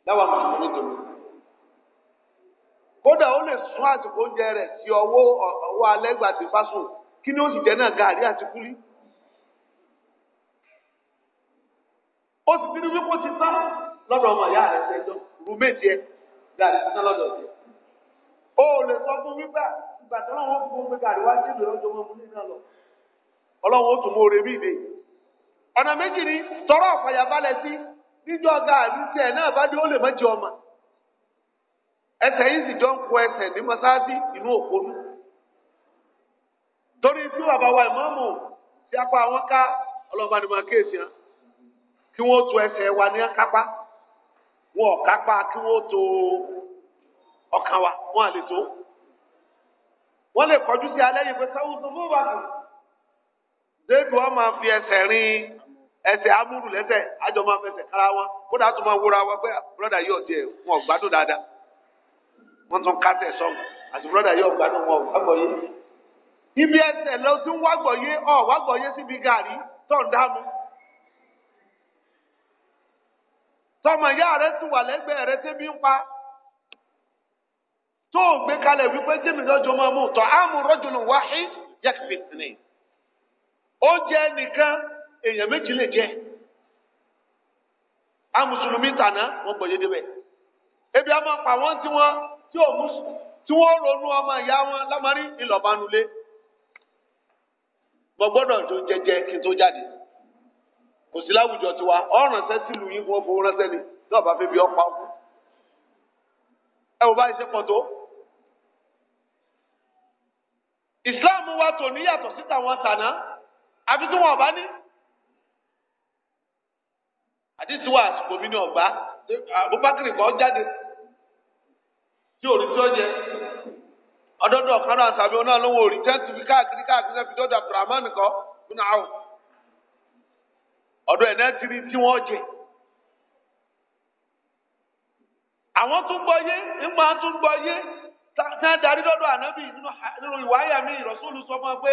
láwọn mùsùlùmí tòun kódà ó lè sún àsìkò oúnjẹ rẹ sí ọwọ́ ọwọ́ alẹ́gbà tí fásùn kí ni ó sì jẹ náà gàrí àti kúlí. ó sì ti ní wípé ó ti tán ọmọ ìyá rẹ̀ ṣẹjọ́ rúmẹ́ẹ̀tì ẹ gàrí ti tán ó lè sọ fún wípé ọlọ́wọ́ ó tún mú ọ̀nà méjì ni tọrọ àfàyàbalẹ̀ sí níjọ́ ọ̀gá àdúgbò ẹ̀ náà bá dé ó lè mọ́jọ ọmọ ẹsẹ̀ yìí sì jọ ń kó ẹsẹ̀ ní mọ́sáàsì inú òponú torí tí bàbá wa ìmọ̀ọ́mù ti apá débi wọn máa fi ẹsẹ̀ rin ẹsẹ̀ amúrù lẹ́sẹ̀ àjọ máa fẹsẹ̀ kára wọn kódà tó máa wúra ah, wọn pé bùrọ̀dà yóò tiẹ̀ wọn gbádùn dáadáa wọn tún kásẹ̀ sọ̀rọ̀ àti bùrọ̀dà yóò gbádùn wọn wágbọ̀ yé ibi ẹsẹ̀ lọ tún wágbọ̀ yé ọ̀ wágbọ̀ yé síbi gàrí tó dáàmú tọmọ ìyá rẹ tún wà lẹ́gbẹ̀ẹ́ rẹ tẹ́bí ń pa tó gbé kalẹ̀ wípé jẹ́mi lọ́jọ́ máa mú tọ́ wáhí o jẹ nìkan èèyàn méjì lè jẹ a mùsùlùmí wọn gbọ yéde a máa pa wọn tí wọn tí o mú tí wọn ronú ọmọ ìyá wọn lamari ńlọbanulé mo gbọ́dọ̀ tó kí n tó jáde tiwa ọràn sẹsì lù yín fún ọfọ ránṣẹ́ ni ọba fẹbi Islam wa tò níyàtọ̀ àfi tí wọn ọba ní àti tí wọn àsìkò mi ní ọgbà Abubakar kan jáde tí òrì tí ó jẹ ọdọọdọ kan náà sàbí ọ náà ló wọ òrì tẹǹtì fi káàkiri káàkiri náà fi dọdọ Abdulrahman kan fún àwọn ọdọ ẹ náà ti rí tí wọn jẹ àwọn tún gbọ́ yé ńgbà tún gbọ́ yé tá a darí lọ́dọ̀ ànábì nínú ìwáyà mi ìrọsùlù sọ fún ọ pé.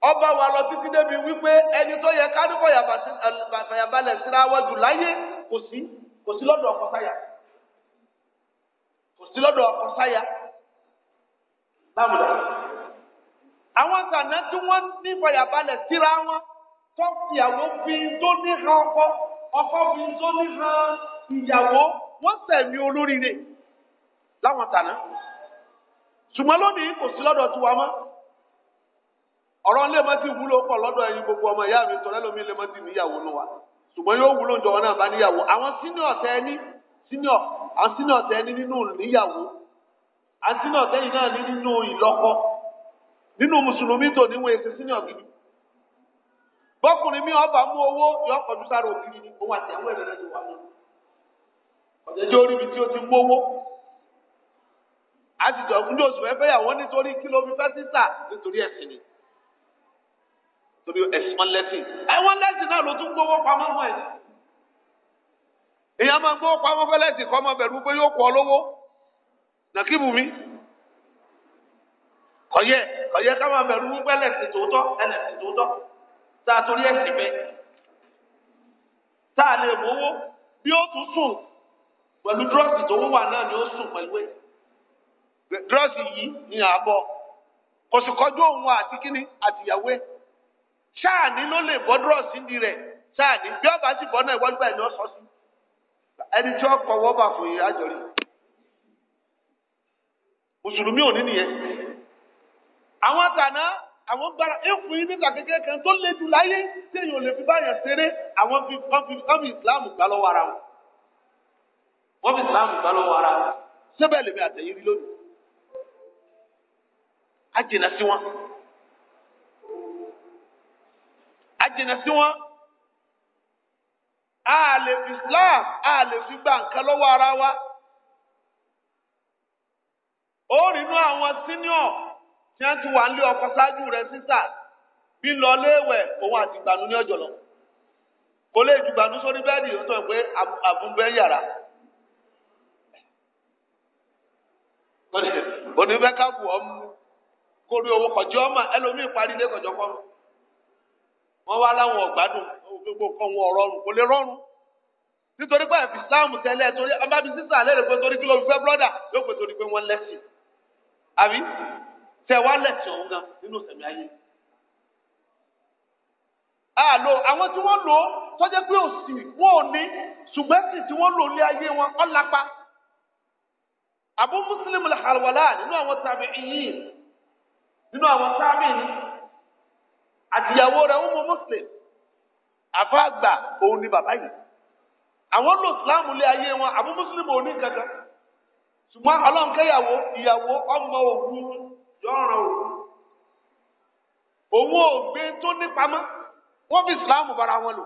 ọba wa lọ títí débi wípé ẹni tó yẹ ká ní fàyàbalẹ̀ síra wájú láyé kò sí kò sí lọ́dọ̀ ọkọ sáyà kò sí lọ́dọ̀ ọkọ sáyà lámùlẹ̀. àwọn kànáà tí wọ́n ní fàyàbalẹ̀ síra wọn tó ìyàwó fi tó ní han ọkọ ọkọ fi tó ní han ìyàwó wọ́n sẹ̀mí olóríire láwọn kànáà. ṣùgbọ́n lónìí kò sí lọ́dọ̀ tiwa mọ́. ọ̀rọ̀ lẹ́mọ́tì wúlò pọ̀ lọ́dọ̀ ẹ̀yin gbogbo ọmọ ìyá mi tọ́lẹ́ lómi lẹ́mọ́tì níyàwó nù wa ṣùgbọ́n yóò wúlò ń jọwọ́ náà bá níyàwó àwọn sínìọ̀ tẹ́ ẹni sínìọ̀ àwọn sínìọ̀ tẹ́ ẹni nínú níyàwó àwọn sínìọ̀ náà nínú nínú mùsùlùmí bọ́kùnrin mi ọba mú owó yọ torí ẹ̀sán lẹ́sìn ẹ̀wọ̀n lẹ́sìn náà ló tún gbowó pamọ́ fún ẹ̀. èèyàn máa gbowó pamọ́ fẹ́ lẹ́sìn kọ́ ọmọ bẹ̀rù pé yóò kọ́ ọ lówó nàkíbù mi. kọ̀yẹ́ kọ̀yẹ́ ká máa bẹ̀rù pé lẹ́sìn tòótọ́ ẹlẹ́sìn tòótọ́ tá a torí ẹ̀sìn bẹ́ẹ̀ tá a lè mówó bí ó tún sùn pẹ̀lú dírọ́ọ̀sì tó wà náà ni ó sùn pẹ̀lú ẹ̀ dírọ́ọ̀sì yìí ni àbọ̀ kò òun àti kíní àtìyàwó ṣáàní ló lè bọ́ dúrọ́ọ̀sì ní rẹ̀ ṣáàní bí ọba sì bọ́ náà ìwọ́n gbà ní ọ̀sán sí ẹni tí wọ́n bà fún yìí àjọrí mùsùlùmí ò ní nìyẹn àwọn àtàná àwọn gbára ẹ̀fún yìí kékeré kan tó le jù láyé tí èèyàn lè fi àwọn fi ìsìláàmù lọ́wọ́ ara wọn wọ́n fi ìsìláàmù gbà lọ́wọ́ ara wọn lèmi àtẹ̀yìn jìnnà sí wọn a lè fi Islam a lè fi gba nǹkan lọ́wọ́ ara wa ó rí inú àwọn senior tí wọ́n ti wà ń lé ọkọ ṣáájú rẹ̀ sísà bí lọ léèwẹ̀ òun àti ìgbànú ní ọjọ́ lọ kò lè ju ìgbànú sórí bẹ́ẹ̀dì tó ń pé àbúgbẹ́ yàrá oníbẹ́ká bù ọ́ mú kórí owó kọjọ́ ọmọ ẹlòmíì parí ilé kọjọ́ kọ́mọ́ wọ́n wá láwọn ọ̀gbádùn gbogbo kan wọn ọ̀rọ̀rùn kò lè rọrùn nítorí pé àfi islam tẹ́lẹ̀ torí abábí sísà lẹ́rẹ̀ pé torí kí ló fi fẹ́ brọ́dà yóò pé torí pé wọ́n lẹ́sìn àbí tẹ wá lẹ́sìn ọ̀hún gan nínú sẹ̀mí ayé. àlò àwọn tí wọ́n lò ó tọ́jẹ́ pé òsì wọn ò ní ṣùgbọ́n sì tí wọ́n lò ó lé ayé wọn ọ̀lápá. àbú muslim al nínú àwọn tàbí iyì nínú àwọn tàbí àtìyàwó rẹ̀ ọmọ muslim àfa àgbà òun ni bàbá yìí àwọn lò síláàmù lé ayé wọn àbú muslim ò ní kankan ṣùgbọ́n ọlọ́run kẹ́yàwó ìyàwó ọmọ ògùn jọ̀ràn òun òun ò gbé tó nípamọ́ wọ́n fi síláàmù bára wọn lò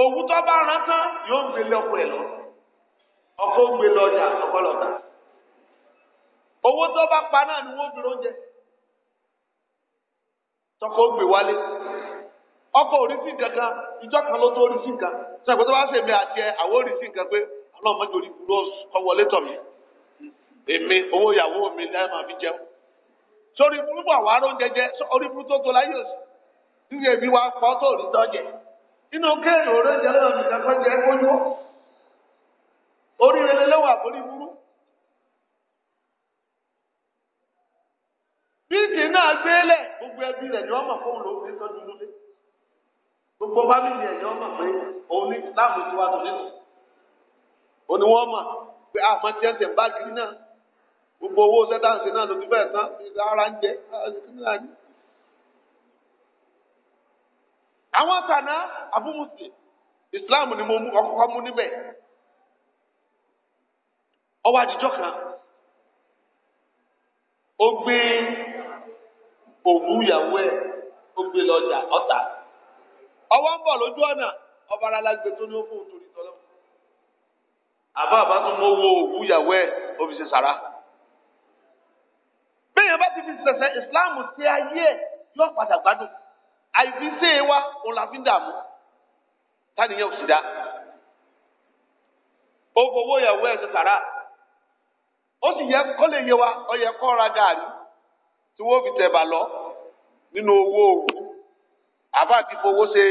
òun tó bá rán tán yóò gbélé ọkọ ẹ̀ lọ ọkọ gbélé ọjà ọkọ lọ́ta owó tó bá pa náà ni wọ́n fi lóúnjẹ. tọkọ ó wálé ọkọ oríṣi nǹkan kan ìjọ kan ló tó oríṣi nǹkan eme tó bá ṣe mi àti ẹ àwọn oríṣi nǹkan pé ọlọ́run mọ́jọ orí burú kọ́ wọlé tọ̀ mí èmi owó ìyàwó mi ní máa fi jẹun sórí burúkú àwọn aró ń jẹjẹ orí burú tó tó láyé òsì nígbà èmi wá tó inú kéèrè nìkan bíìdì náà gbélé gbogbo ẹbí rẹ̀ ni wọ́n mọ̀ fóun ló fi tọ́jú lólé gbogbo bábìlì ẹ̀ ni wọ́n mọ̀ pé òun ní láàmú tí wàá tó nínú òun ni wọ́n mọ̀ pé àmọ́ ah, tí ẹ̀ ń tẹ̀ báàgì náà gbogbo owó sẹ́dáǹsì náà ló ti bẹ̀rẹ̀ tán ara ń jẹ ah, àwọn kàná abúmùsì Islam ni mo kọ́kọ́ mú níbẹ̀ ọwọ́ àdìjọ́ kan ó gbé òwú ìyàwó ẹ̀ ó gbé lọ́jà ọ̀tà ọwọ́ ń bọ̀ lójú ọ̀nà ọba ara tó ní ó fóun torí tọ́lọ́ àbá àbá tó mọ owó òwú ìyàwó ó fi ṣe sàrá bẹ́ẹ̀ yẹn bá ti fi ìsìláàmù ayé ẹ̀ yóò padà gbádùn àìfi wá òun ń dààmú táníyàn sì dá tí wọ́n fi tẹ̀bà lọ nínú owó òru àbá ti fowó ṣe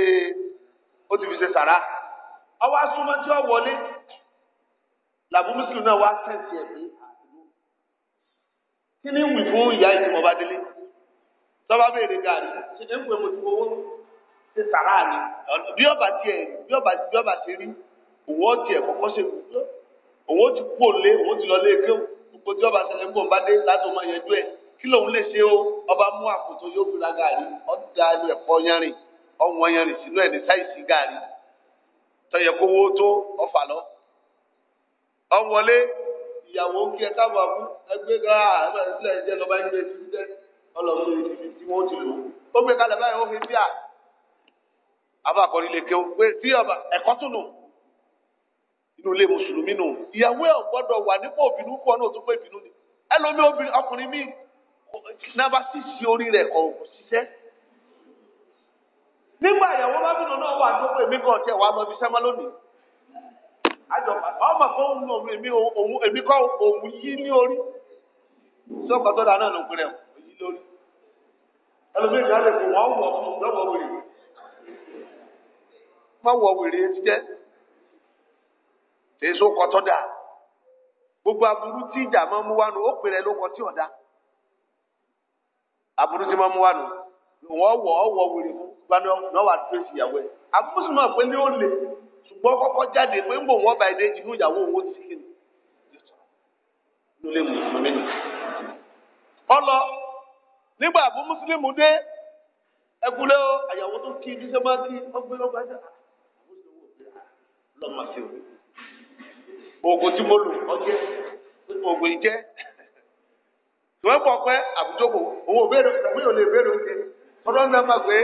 ó ti fi ṣe sàrà ọwọ́ asúnmọ́ tí ó wọlé làbú mùsùlùmí náà wá sẹ́ǹtì ẹ̀mí kí ni wì fún ìyá ìtumọ̀ bá délé tọ́ba béèrè gàrí ṣe é ń mo ti fowó ṣe sàrà ni bí ọba tiẹ̀ bí ọba bí ọba ṣe rí òwò tiẹ̀ kọ́kọ́ ṣe kú òwò ti kú òlé òwò ti lọ lé kéwù gbogbo tí ọba ṣẹlẹ̀ ń bọ̀ ń bá dé láti ọmọ yẹn dú kí lòun lè ṣe o ọba mú àkótó yóò fi ra gàrí ọ̀dà ẹnu ẹ̀fọ́ yanrìn ọ̀wọ́n yanrìn sínú ẹ̀ ní sáìsì gàrí tọ̀yẹ̀ kówó tó ọ̀fà lọ. ọ̀wọ́lé ìyàwó kí ẹ káàbọ̀ àbú ẹgbẹ́ gà ẹgbẹ́ ìdílé ẹ̀jẹ̀ lọ́ba ẹgbẹ́ ìdílé ọlọ́run ìdílé tí wọ́n ti lò ó gbé kalẹ̀ báyìí ó fi bíà àbá àkọ́rí lè ké pé tí ẹ̀kọ́ tún nù inú ilé mùsùlùmí nù ìyàwó ẹ̀ gbọ́dọ̀ wà nípò òbínú fún ọ náà tó pé ìbínú ni ẹlòmí ọkùnrin míì nàbà sì sí orí rẹ̀ kọ̀ òkú ṣiṣẹ́. nígbà ìyàwó bábìlì náà wà lóko èmi kan tiẹ̀ wà lọ bí sẹ́mọ́ lónìí. àjọpọ̀ ọmọ kan ń lo èmi òun èmi kọ́ òun yí ní orí. sọ́kọ̀ tó dáa ló gbé rẹ̀ òun yí lórí. ẹlòmíì kan lè fi wọ́n wọ̀ fún lọ́wọ́ wèrè. má wọ wèrè ti jẹ́. èso kọ́ tó dáa. gbogbo aburú tí ìjà máa ń mú wánu ó pèrè lóko tí ọ̀dà aburú tí wọ́n mú wà nù wọ́n wọ̀ ọ́ wọ̀ wèrè fún gbaná náà wà tó èsì ìyàwó ẹ̀ abúsùnmọ̀ pé ní ó lè ṣùgbọ́n kọ́kọ́ jáde pé ń bò wọ́n bá ẹdẹ jìnnú ìyàwó owó ti kí ni ló lè mú mùsùlùmí nì. ọlọ nígbà àbú mùsùlùmí dé ẹkúlẹ́ o àyàwó tó kí ní sẹ́mọ́ kí ọgbẹ́ lọ́gbà jà lọ́mọ sí o oògùn tí mo lò ọjẹ́ oògùn ìjẹ́ tí wọ́n pọ̀ pẹ́ àbújọ́pọ̀ òun ò béèrè òun ò lè béèrè oúnjẹ ọ̀rọ̀ ń dáná pé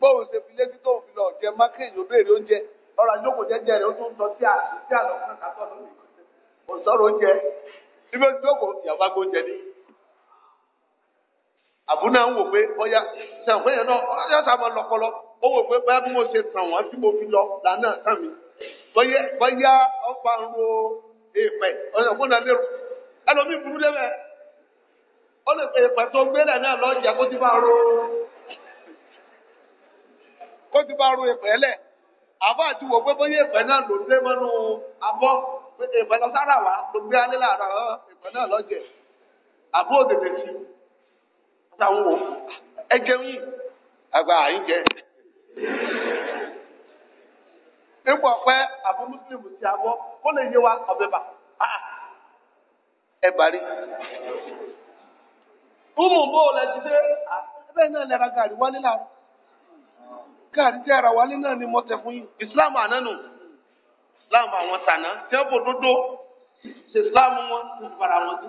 bóun ṣe fi létí tóun fi lọ jẹ mákèyí ò béèrè oúnjẹ ọ̀rọ̀ àjọkò jẹjẹ rẹ̀ ó tún sọ sí àti àlọ́ fún ìtàkọ́ lónìí kò sọ̀rọ̀ oúnjẹ ibi ìjókòó ìyàwó agbóúnjẹ ni àbúná ó lè pè pẹ̀ tó gbélẹ̀ náà lọ́jà kó ti bá ro kó ti bá ro ìpẹ́ lẹ̀ àbá àti wò pé bóyá ìpẹ́ náà ló dé mọ́nú abọ́ ìpẹ́ lọ sára wa ló gbé alẹ́ lára ìpẹ́ náà lọ́jẹ̀ àbó òdèdè sí táwọn wò ẹ jẹun yìí àgbà àyíjẹ ipò ọpẹ àbú muslim ti abọ kó lè yé wa ọbẹ bá ah, ẹ bá rí umu bó o lẹ ti dé ẹbẹ náà lẹra gàrí wálé láàrú gàrí tí ara wálé náà ni mo tẹ fún yín islam ànánu islam àwọn tànà tẹ́bù dódó ṣe islam wọn tó fara wọn dé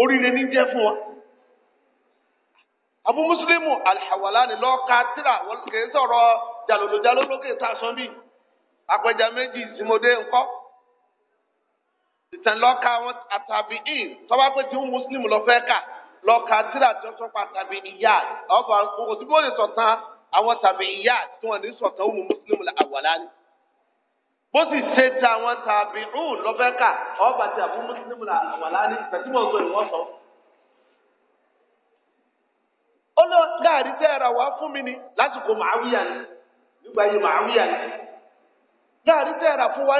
oríire ní jẹ́ fún wa abu muslimu alihawalani lọ́ọ̀ka tíra wọn sọ̀rọ̀ jalolojalo lókè tá a sọ bí apẹja méjì zimode ńkọ́ ìtàn lọ́ọ̀ka wọn àtàbí in tọ́wá pé tí ó muslim lọ fẹ́ kà. lọ ka tó sọ́pa tàbí ìyá ọba òkò tí wọ́n lè sọ̀tàn àwọn tàbí ìyá tí lè ọmọ mùsùlùmí àwàlá ni. bó sì ṣe ti àwọn tàbí ọba ti àbú mùsùlùmí àwàlá ni sọ ìwọ́n sọ. ó lọ gáàrí tẹ́ wá fún mi ni lásìkò màáwíyà ni nígbà yìí màáwíyà ni gáàrí tẹ́ fún wa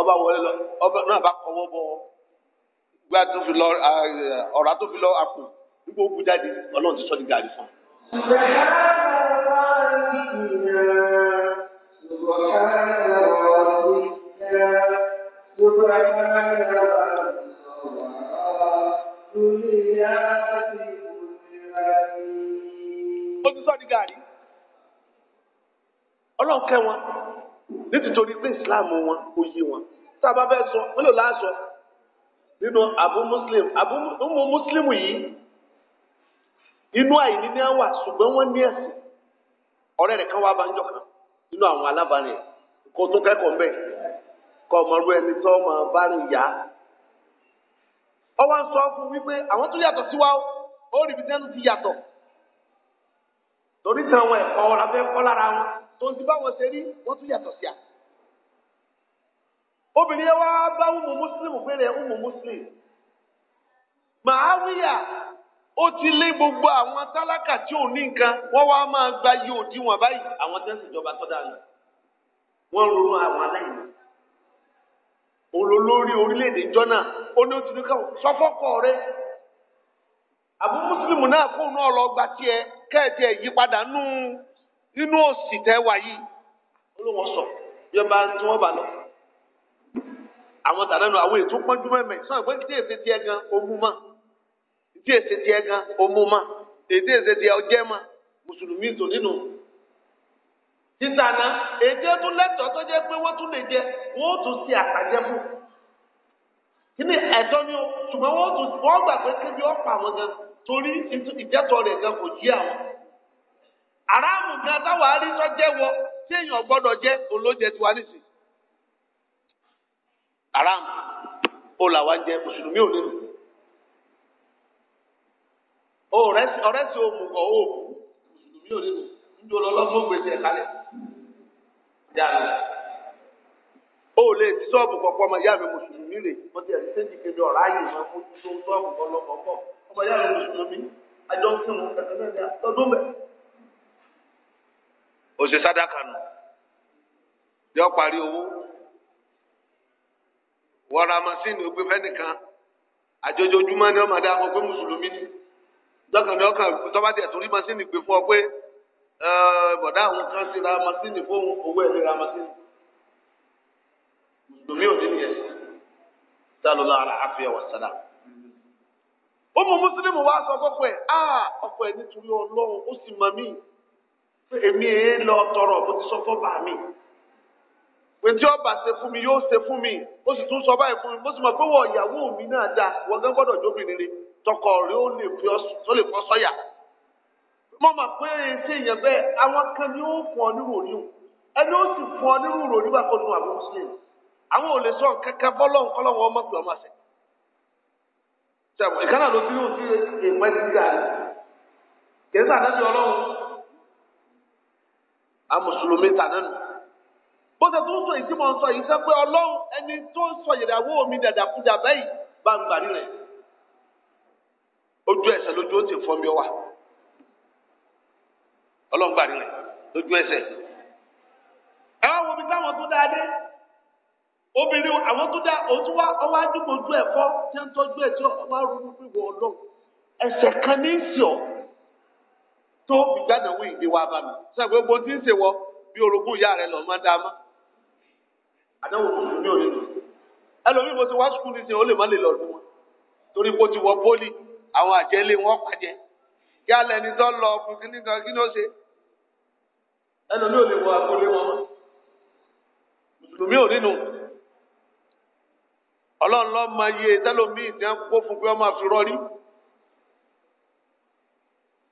ọba wọlé lọ ọba náà bá kọwọ́ bọ gba tó fi lọ ọ̀rá tó fi lọ àpò nígbà ó bu jáde ọlọ́run ti sọ ní gàrí fún un. ó ti sọ ní gàrí ọlọ́run kẹ́ wọn. nítorí pé islam wọn ó yé wọn tá a bá fẹ́ sọ abu muslim abu umu muslim yìí inú àìní ní àwà ṣùgbọ́n wọ́n ní ẹ̀sìn ọ̀rẹ́ rẹ̀ kan wá banjọ́ kan nínú àwọn alábàárẹ̀ kó tó kẹ́kọ̀ọ́ mbẹ́ kọ́ ọmọlú ẹni tó máa bá rìn yá ọwọ́ sọ fún wípé àwọn tó yàtọ̀ sí wa ó rí tẹ́nu ti yàtọ̀ torí tí àwọn ẹ̀kọ́ tó ń ti wọn ṣe rí wọ́n tún yàtọ̀ sí obìnrin yẹn wá bá umu muslim péré umu muslim màáwíyà ó ti lé gbogbo àwọn tálákà tí ò ní nǹkan wọn wá máa gba iye òdiwọ̀n báyìí àwọn tẹ́sí ìjọba ronú àwọn aláìní olólórí orílẹ̀-èdè jọ́nà ó ní ó ti ní ká rẹ náà nínú òsì tẹ́ wà yìí olówó sọ yóò bá tí wọ́n bá lọ. àwọn tàdá nu àwọn ètò pọ́njú mẹ́mẹ́ sọ pé tí èsì tiẹ̀ gan omú mọ́ tí èsì tiẹ̀ gan omú mọ́ èdè èsì tiẹ̀ ọjẹ́ mọ́ mùsùlùmí tò nínú. títà náà èdè tún lẹ́tọ̀ọ́ tó jẹ́ pé wọ́n tún lè jẹ wọ́n tún ṣe àtàjẹ́ fún. kí ni ẹ̀tọ́ ni o ṣùgbọ́n wọ́n tún wọ́n gbà pé kébi ọ̀pọ̀ àwọn gan torí ìjẹ́tọ̀ rẹ̀ gan kò jí àwọn. aramu gan wà rí tó jẹ́wọ́ tí èèyàn gbọdọ jẹ́ olóúnjẹ tiwa nísìn aramu ó làwa jẹ mùsùlùmí ò nínú ọ̀rẹ́ sí òmùgọ̀ ó mùsùlùmí ò nínú níbi olólọ́gbọ́n gbèsè kalẹ̀ yàrá ó lè ti sọ́ọ̀bù kọ̀ọ̀kan ọmọ ìyá mi mùsùlùmí rè wọ́n ti ẹ̀sìn séjì kejì ọ̀rá yìí máa fojú tó sọ́ọ̀bù kọ̀ọ̀kan ọmọ ìyá mi mùsùlùmí ń sìn ó ṣe sádàkà nù yọ parí owó wọ́n ra masínì ó gbé fẹ́nìkan àjọjọjúmọ́ ni wọ́n máa dá wọn mùsùlùmí ni dọ́kàn ni ọkàn tọ́ba tẹ̀ torí masínì gbé fún ọ pé bọ̀dá àwọn kan ti ra masínì fún owó ẹ̀ lè ra masínì mùsùlùmí ò ní nìyẹn sálọ́lá ara àfihàn wà ó mú mùsùlùmí wá sọ fọ́pọ̀ ẹ̀ ọkọ̀ ẹ̀ nítorí ọlọ́run ó sì mọ̀ míì. èmi èé lọ tọrọ bó ti sọ fọ́ba mi pé tí ọba ṣe fún mi yóò ṣe fún mi ó sì tún sọ báyìí fún mi bó sì mọ̀ pé wọ ìyàwó mi náà dáa wọ́n gán gbọ́dọ̀ jóbi nílé tọkọ rẹ ó lè fi ó lè fọ́ sọ́yà mo pé ṣé èèyàn àwọn kan ọ o ẹni ó ọ àwọn muslim àwọn ò lè sọ kankan pé ọmọ àṣẹ ìkànnà ló fi yóò a mùsùlùmí tànà nù bó ṣe tó ń sọ ìdí mọ̀ ń sọ yìí sẹ́ pé ọlọ́run ẹni tó ń sọ ìyàwó mi dàdàkúdà báyìí bá ń gbàrí ese ojú ẹsẹ̀ lójú ó ti fọ́ mi wá ọlọ́run gbàrí rẹ̀ lójú ẹsẹ̀ ẹ wá wo mi táwọn tó dáa dé obìnrin àwọn tó dá ọwọ́ ojú ẹ̀fọ́ tí ń tọ́jú ẹ̀ kan ní o. tó fi gbàdánwò ìdè wa bá mi sẹ́yìn gbogbo tí ń ṣèwọ bí orogún ìyá rẹ lọ́ọ́ máa dá a mọ́ àdáwò mùsùlùmí ò lè lò ẹlòmíì mo ti wá sùkúl nísìnyí ó lè má lè lọ dùn wọn torí bó ti wọ pólì àwọn àjẹlé wọn pàjẹ yálẹ ní tó lọ fún kíní kan kí ló ṣe ẹlòmíì ò lè wọ agolé wọn mùsùlùmí ò nínú ọlọ́run lọ́ọ́ máa yẹ tẹ́lómi ìdí á kó fún pé wọ́n máa fi rọrí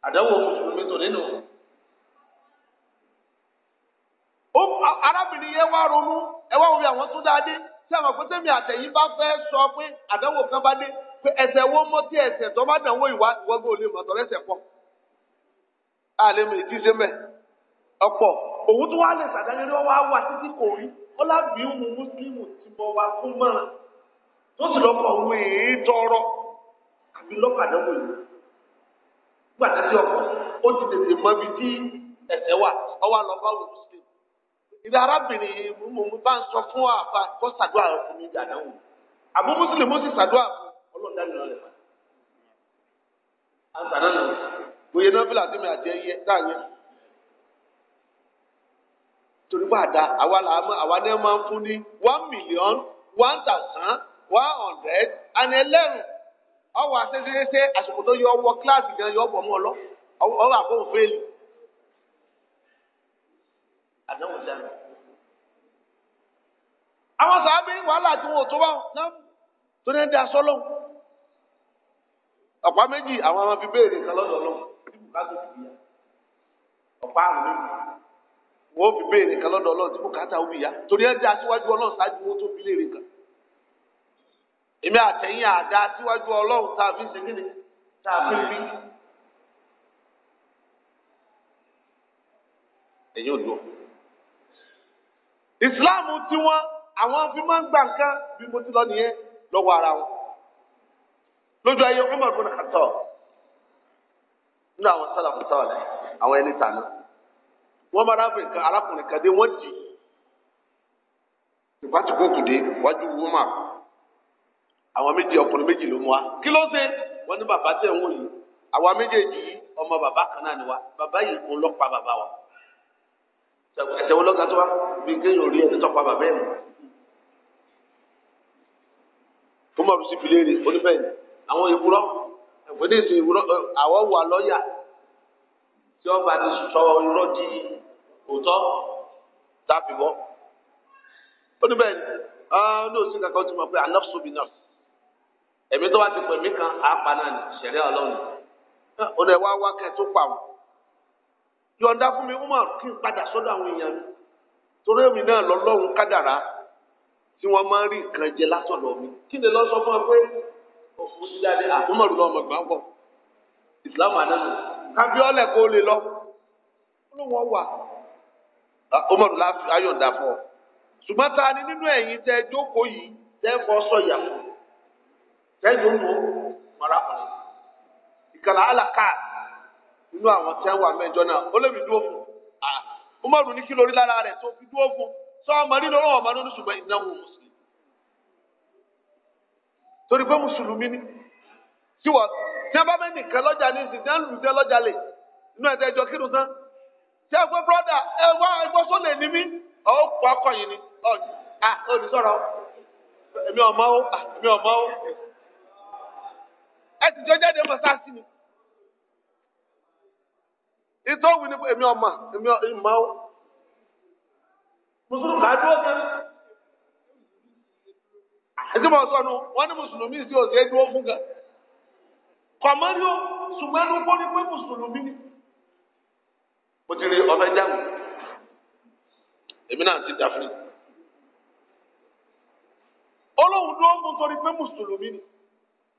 àdáwò mùsùlùmí tò nínú. arábìnrin yẹn wá ronú ẹ wá wo bí àwọn tún dáadé tí àwọn pẹ́tẹ́mì àtẹ̀yìn bá fẹ́ sọ pé àdánwò kan bá dé pé ẹsẹ̀ wo mọ́ tí ẹsẹ̀ tó bá dánwò ìwà ìwọ́gbọ́ olè mọ̀ tọ́lẹ́ ẹsẹ̀ pọ̀ àlẹ́ mi ti ṣe mẹ́ ọ̀pọ̀ òun tó wá lè sàdáyẹrí ọwọ́ á wà títí kò rí ó lábì ń mu mùsùlùmù ti bọ̀ wá fún mọ́ràn tó sì lọ́kọ̀ òun tọrọ àbí lọ́kọ̀ àdánwò yìí gbàdá sí ọkọ ó ti tètè mọ ibi tí ẹ̀ṣẹ̀ wà ọwọ́ àlọ́ bá wù ú sí. ìdá arábìnrin mùmùmù bá ń sọ fún àfa kó ṣàdúrà fún mi àdáwò àbú mùsùlùmí ó sì ṣàdúrà fún ọlọ́ọ̀dá nìyẹn rẹ̀ àǹtàná nà òye náà fìlà sí mi àti ẹyẹ táyẹ torí bá a da àwa là mọ àwa náà máa ń fún ní one million one thousand one hundred and eleven ọwọ́ àṣẹṣẹṣẹ àsìkò tó yọ ọwọ́ kíláàsì gan yọ ọbọ mú ọ lọ ọwọ́ àbọ òfèèlì àdánwò dáná. àwọn sàábí wàhálà tí wọn ò tó bá náà tó ní da sọlọ ọ̀pá méjì àwọn ọmọ fi béèrè nǹkan lọ́dọ̀ lọ ọ̀pá àwọn méjì wọn ò fi béèrè nǹkan lọ́dọ̀ lọ tí kò káta òbí ya torí ẹ da síwájú Ọlọ́run ṣáájú wọn tó fi léèrè nǹkan èmi àtẹ̀yìn àdá síwájú ọlọ́run tá a fi ń ṣe kíni tá a fi ń bí. ẹ̀yin ò dùn. ìsìláàmù tiwọn àwọn fi máa ń gbà nǹkan bí mo ti lọ nìyẹn lọ́wọ́ ara wọn. lójú ayé Umar bin Khattab nínú àwọn sálàfù sálàfù àwọn ẹni tàná wọ́n máa rábìn nǹkan arákùnrin kan dé wọ́n dì í. ìbátúkọ̀ kùdé wájú Umar àwọn méjì ọkùnrin méjì ló mú wa kí ló ṣe wọn ní bàbá tẹ̀ ń wò yìí àwa méjèèjì ọmọ bàbá kan náà ni wa bàbá yìí kò lọ pa bàbá wa ẹsẹ̀ wọn lọ́ka tó wa bí kéèyàn rí ẹni tó pa bàbá ẹ̀ mọ́ tó mọ̀ sí fi léèrè àwọn ìwúrọ̀ ẹ̀wọ̀n ní ìsìn ìwúrọ̀ àwọ̀ wà lọ́ọ̀yà tí ọba ti sọ irọ́ di òótọ́ tàbí bọ́ oníbẹ̀yìn ọ̀nà òsì kankan ti mọ̀ pé anọ́fṣọ́bì nọ́ọ̀sì ẹ̀mí tó bá ti pèmí kan àápa náà ní ṣẹ̀rí ọlọ́run ọ̀nà ẹ̀wá wá kẹ́ tó pa wọn. yọ̀ǹda fún mi Umar kí n padà sọ́dọ̀ àwọn èèyàn mi torí èmi náà lọ́lọ́run kádàrá tí wọ́n máa ń rí nǹkan jẹ látọ̀dọ̀ mi kí ni lọ́sọ fún ọ pé òfin ti jáde àkúmọ̀rù lọ́mọ gbà ń bọ̀ ìsìlámù àdánù kábíọ́lẹ̀ kó lè lọ ló wọ́n wà Umaru láti ayọ̀ǹda fún ọ ṣùgbọ́n ta ni nínú ẹ̀yin tẹ́ jókòó yìí tẹ́ fọ́ sọ̀yà fún tẹ́jú ń mara alaka nínú àwọn tẹ́ wà mẹ́jọ náà ó lè mi dúró fún un mọ̀rún ní kí lórí lára rẹ̀ tó fi dúró fún sọ ọmọ nínú ọmọ nínú ṣùgbọ́n ìnáwó mùsùlùmí torí pé mùsùlùmí ni tí wọ́n tí wọ́n bá mẹ́ nìkan lọ́jà ní ìsìn tí wọ́n lọ́jà lè inú ẹ̀dá ẹjọ́ tí ẹ wá ẹgbọ́ sólè ní mí ẹ sì jọ jáde mọ̀ sá sí mi. ìtọ́wù ni èmi ọmọ èmi ìmọ̀ ọ́ mùsùlùmí kà á dúró sí ẹtí mo sọ nu wọn ní mùsùlùmí sí òsè dúró fún gan kọmọdé ṣùgbọ́n ẹnu kó ní pé mùsùlùmí ni mo ti rí ọbẹ̀ jáwé èmi náà ti dàfin olóhùn dúró fún torí pé mùsùlùmí ni.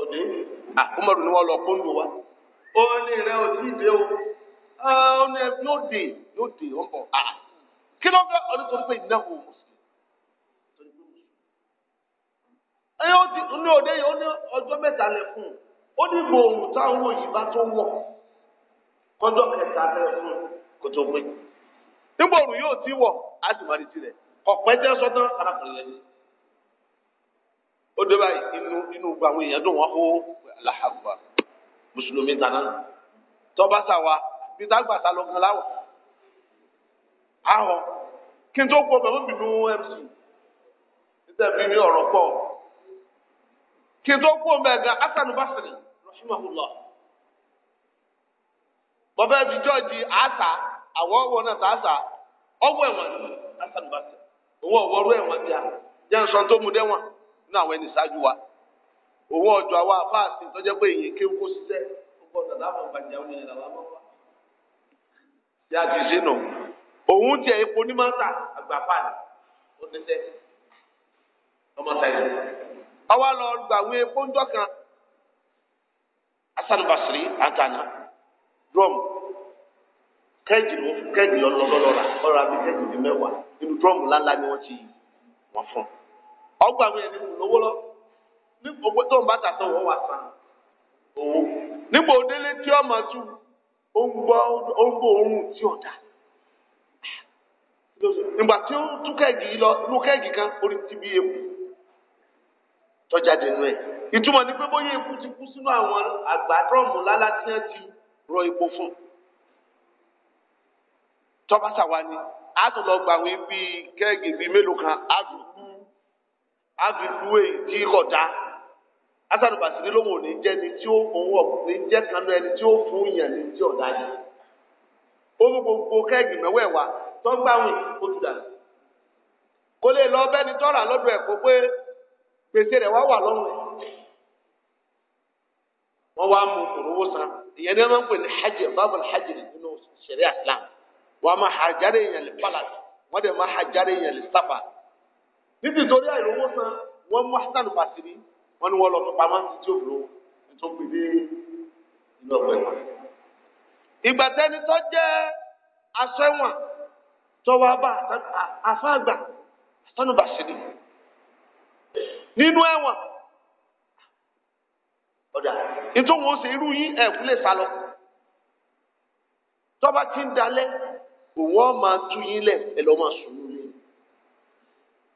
òde àkómọ̀rù ni wọ́n lọ kóńdò wa ó ní rẹ o ó ní ẹ yóò dé yóò dé ó bọ̀ à kí ló fẹ́ ọdún tó ń pè náwó mùsùlùmí ẹ yóò di ní òde yìí ó ní ọjọ́ mẹ́ta lẹ fún un ó ní ìbò táwọn wò yìí bá tó wọ̀ kọjọ́ kẹta lẹ fún un kó tó yóò ti wọ̀ á sì máa ọ̀pẹ́ jẹ́ arákùnrin yẹn ni. ó dé báyìí inú inú gba àwọn èèyàn dùn wọ́n hó làhàgbà mùsùlùmí tàná tọ́ba sàwà bíta gbàtà lọ gan láwọ̀ ahọ́ kí n tó kó bẹ̀rù bínú mc níta bí mi ọ̀rọ̀ pọ̀ kí n tó kó bẹ̀rù gan asanu basiri rahimahullah bọ́bá ẹbí jọ́ọ̀jì àṣà àwọn ọ̀wọ́ náà tà àṣà ọ̀wọ́ ẹ̀wọ̀n asanu basiri owó ọ̀wọ́rú a tó mu nínú àwọn ẹni ìṣáájú wa òun ọjọ́ àwa fáàsì tọjẹ pé èyí kéwú kó ṣiṣẹ́ ọkọ dàdá àwọn ìbàjẹ́ àwọn ènìyàn làwọn bá yá ti ṣe nù òun tiẹ̀ epo ní àgbà pàdé ó ti kan kẹ́ẹ̀jì ló kẹ́ẹ̀jì ọlọ́lọ́lọ́ra kẹ́ẹ̀jì mẹ́wàá lálá ọgbà àwọn ẹni lówó lọ ní owó tó ń bá tà tó wọ́n wà sàn owó nígbà òdélé tí ó máa tú ó ń gbọ́ òórùn tí ò dá nígbà tí ó tú kẹ́ẹ̀gì lọ inú kẹ́ẹ̀gì kan orí ti bí ewu tọ́jà dènú ẹ̀ ìtumọ̀ ni pé bóyá eku ti kú sínú àwọn àgbà drọ́ọ̀mù lálá tí wọ́n ti rọ epo fún tọ́bátà wa ni a tó lọ gbà wí bíi kẹ́ẹ̀gì bíi mélòó kan a agbègbè ìdí kọjá asanu basiri ló wò ní jẹ tí ó fún wọ ní ẹni tí ó fún yẹn ní tí ọ̀dà yẹn ó gbogbo kẹ́ẹ̀gì tó ń gbàwìn ó ti lè lọ bẹ́ni tọ́ra pé rẹ̀ wá wà lọ́rùn wọ́n wá mú òróró san ìyẹn ní wọ́n ń pè ní hajj hajj nínú sẹ̀rí wọ́n máa títí torí àìlówó san wọ́n mú hasanu pàṣírí wọ́n ní wọ́n lọ fipá máa ń ti tí òbúrò tó pè dé ìlú ọ̀pẹ̀ wọn. ìgbà tẹni tó jẹ́ aṣẹ́wọ̀n tó wá bá àfáàgbà hasanu pàṣírí nínú ẹ̀wọ̀n ọ̀dà nítorí wọn ṣe irú yín ẹ̀kú lè sá lọ tọ́ba ti ń dalẹ̀ òun ọ̀ máa tú yín lẹ̀ ẹ̀ lọ́ máa sùn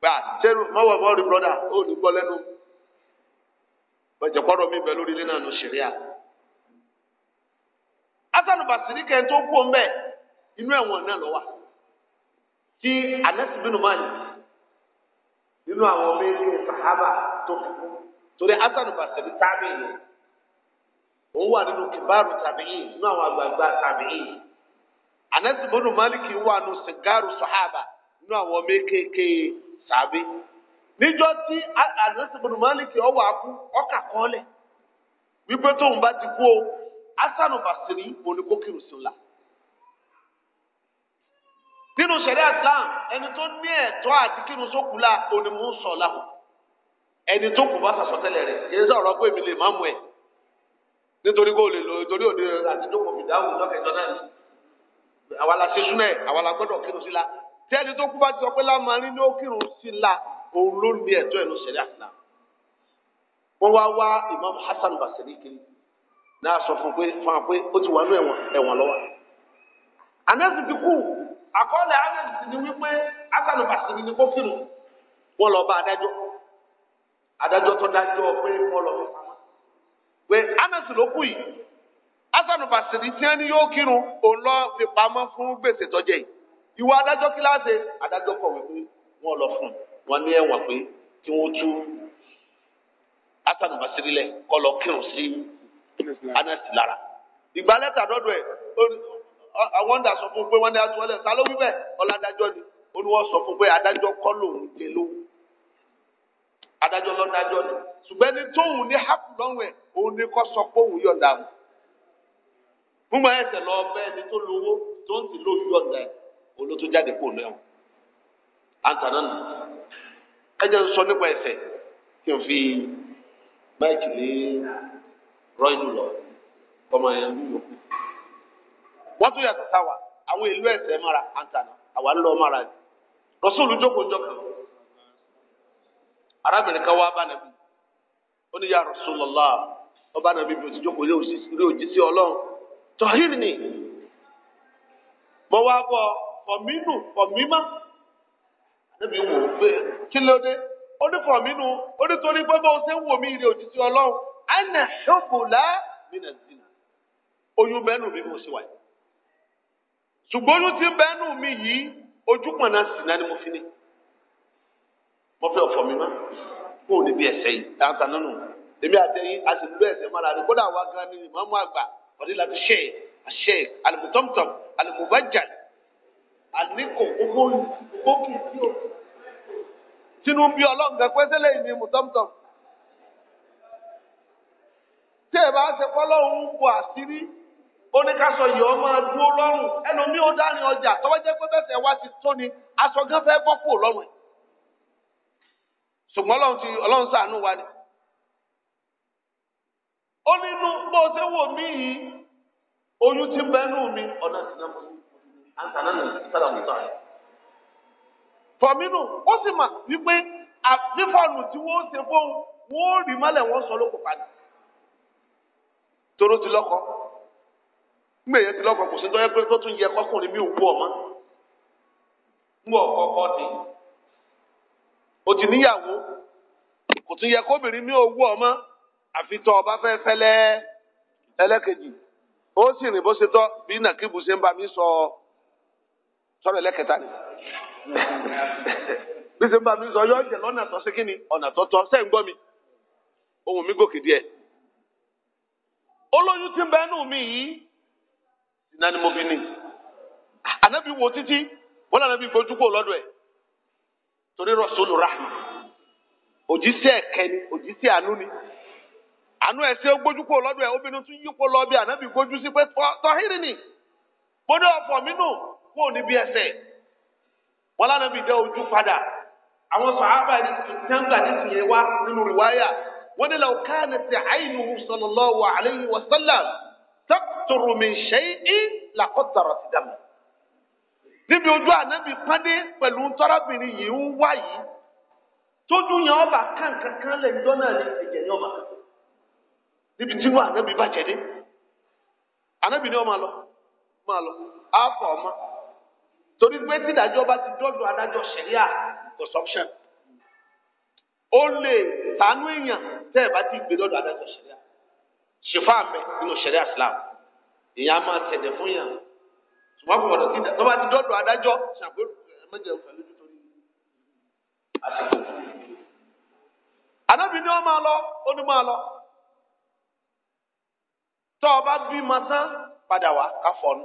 gbà sẹ́rù mọ́wọ́ mọ́ rí brọ́dà ó ní gbọ́ lẹ́nu bẹ̀jẹ̀kọ́rọ̀ mi bẹ̀ lórí nínú àná ṣẹ̀ríà. asanu basiri kẹ́ ń tó kú ọmọ ẹ̀ inú ẹ̀wọ̀n náà lọ́wọ́ tí anẹ́sì bínú máa yìí nínú àwọn ọmọ ẹgbẹ́ sàhábà tó kú torí yìí wà nínú tàbí yìí nínú àwọn àgbààgbà tàbí níjọ́ tí àdúrósìbùnú máàlìkì ọwọ́ akú ọkà kọ́lẹ̀ wípé tóun bá ti kú o asanu basiri oníkókìrì sọlá nínú sẹ̀ríà Islam ẹni tó ní ẹ̀tọ́ àti kírun sókùlà onímù sọlá ẹni tó kù bá sàsọtẹ́lẹ̀ rẹ̀ kì í sọ̀rọ̀ pé èmi lè má mú ẹ nítorí kó o lè lọ nítorí òde àti jókòó fìdáhùn lọkẹjọ náà ni àwa la ṣe súnẹ àwa la gbọ́dọ̀ kírun sí la tẹ́ni tó kú bá ti sọ pé lámarin ló kírun sí la òun ló ní ẹ̀tọ́ ẹ̀ ló ṣẹlẹ̀ àtìlá wọ́n wá wá Imam Hasan Basiri kiri náà sọ fún pé fún wa pé ó ti wà ní ẹ̀wọ̀n ẹ̀wọ̀n lọ́wọ́ anẹ́sì ti kú àkọọ́lẹ̀ anẹ́sì ni wípé Hasan Basiri ni kó kírun wọ́n lọ bá adájọ́ adájọ́ tó dájọ́ pé wọ́n lọ fún wa pé anẹ́sì ló kú yìí Hasan Basiri tí wọ́n yóò kírun òun lọ fi pamọ́ fún gbèsè tọ́jẹ́ yìí ìwọ adájọ́ kíláàsì adájọ́ kọ̀wé pé wọ́n lọ fún wọn ní ẹ̀wọ̀n pé kí wọ́n tú hasan basiri lẹ kọlọ kírun sí anasi lára ìgbàlẹ́ta dọ́dọ̀ ẹ̀ àwọn ń dà sọ fún un pé wọ́n ní atúwọ́lẹ̀ ta ló wí bẹ́ẹ̀ ọ̀làdájọ́ ni ó ní wọ́n sọ fún un pé adájọ́ kọ́ lòun lè lówó adájọ́ lọ́dájọ́ ni ṣùgbọ́n ní tóun ní hápù lọ́wọ́ ẹ̀ òun ní kọ́ sọ pé òun yọ̀ǹda mu. mo máa ẹsẹ̀ lọ bẹ́ẹ̀ ni tó lówó tó ń sì lóyún yọ̀ǹda ẹ̀ olótó jáde kó lẹ́wọ̀n àǹtàná na ẹjẹ sọ nípa ẹsẹ̀ kí n fi báyìkì lé lọ kọmọ yẹn ń lò. wọ́n tún yàtọ̀ sáwà àwọn ìlú ẹsẹ̀ mara àǹtàná àwa lọ mara ni rọ́sọ́ọ̀lù jókòó jọkàn arábìnrin kan ó ní yà bí o ti jókòó fọ̀mínú fọ̀mímá níbi wò ó pé kí ló dé ó ní fọ̀mínú ó ní torí pé bó ṣe ń wò mí ìrè òjijì ọlọ́run àná ṣọ́kùlá mínà zina oyún bẹ́ẹ̀nù mi mo ṣe wáyé ṣùgbọ́n oyún ti bẹ́ẹ̀nù mi yìí ojú pọ̀nà sìnà ni mo fi ní mo fẹ́ ọ̀fọ̀ mi mọ́ kó o níbi ẹ̀sẹ̀ yìí dáńtà nínú èmi àtẹ̀yìn a sì gbé ẹ̀sẹ̀ mọ́ra rẹ̀ kódà wá gan ni ìmọ̀ọ́mọ́ àgbà ọ̀dí láti ṣe àṣẹ alùpùtọ́mùtọ́m alùpùbájàlì àníkò owó gbókè sí o. Tinubu ọlọ́ǹgà pẹ́sẹ́lẹ̀ ìní mùtọ́mùtọ́m. Tí ẹ bá ṣe pọ́lọ́ òun bu àṣírí, ó ní káṣọ yìí ọ máa dúró lọ́rùn. Ẹlòmíì ó dárin ọjà tọ́wọ́ jẹ́ pé bẹ́sẹ̀ wá ti tó ni aṣọ gán fẹ́ bọ́ kúrò lọ́rùn ẹ̀. Ṣùgbọ́n ọlọ́run ti ọlọ́run ṣàánú wa ni. Ó nínú bó ṣe wò mí yìí, oyún ti bẹ́nu mi, ọ̀nà ìdánwò fọmínú ó sì mà wípé àfífọ̀nù tí wọ́n ṣe fóun wọ́n rí mọ́lẹ̀ wọ́n sọ lóko padà toro ti lọ́kọ gbèyẹ ti lọ́kọ kò sí tọ́yẹ pé tó tún yẹ kọkùnrin bí òkú ọmọ ń wọ ọkọ ti o ti níyàwó kò tún yẹ kóbìnrin mi òwú ọmọ àfi tọ ọba fẹ́ fẹ́lẹ́ ẹlẹ́kejì ó sì rìn bó ṣe tọ́ bí nàkíbù ṣe ń bá mi sọ ọ. sọrọ ẹlẹ́kẹta ni bí ṣe ń bá mi sọ yọ jẹ lọ́nà tó ọ̀nà tó tọ́ sẹ́ ń gbọ́ mi ohun mi gòkè díẹ̀ olóyún ti ń bẹ́ẹ̀ anabi wo títí wọn gbójú kó torí àánú ni àánú ṣe gbójú kó lọ́dọ̀ ẹ̀ obìnrin anabi gbójú sí pé kúrò níbi ẹsẹ̀ wọn lánàbí dá ojú padà àwọn sàábà ní tẹ́ńgà ní tìyẹn wá nínú rìwáyà wọn ní làwọn káàní ti àìní hu sallallahu alayhi wa sallam taqturu min shay'in làkọ́tàrọ̀ ti dàmú. níbi ojú ànábì pàdé pẹ̀lú tọ́rábìnrin yìí ń wá yìí tójú yẹn ọba kàǹkàǹkàn lẹ̀ ń dọ́nà ní ìjẹ̀ yẹn ọba níbi tí wọn ànábì bàjẹ́ dé ànábì ni wọn máa lọ máa lọ àáfọ̀ ọmọ torí pé tídájọ́ bá ti dọ́dọ̀ adájọ́ ṣẹ̀ríà consumption ó lè tánú èèyàn tẹ́ ẹ̀ bá ti gbé dọ́dọ̀ adájọ́ ṣẹ̀ríà ṣèfà mẹ́ nínú ṣẹ̀ríà Islam èèyàn á máa tẹ̀lé fún yàn ṣùgbọ́n kò gbọdọ̀ tíjà tó bá ti dọ́dọ̀ adájọ́ ṣàgbọ́n ẹ̀mẹ́jẹ̀ ń pẹ̀lú nítorí àsìkò. ànábì ni wọ́n máa lọ ó ní máa lọ tọ́ ọ bá bí ma tán padà wá ká fọ́nù.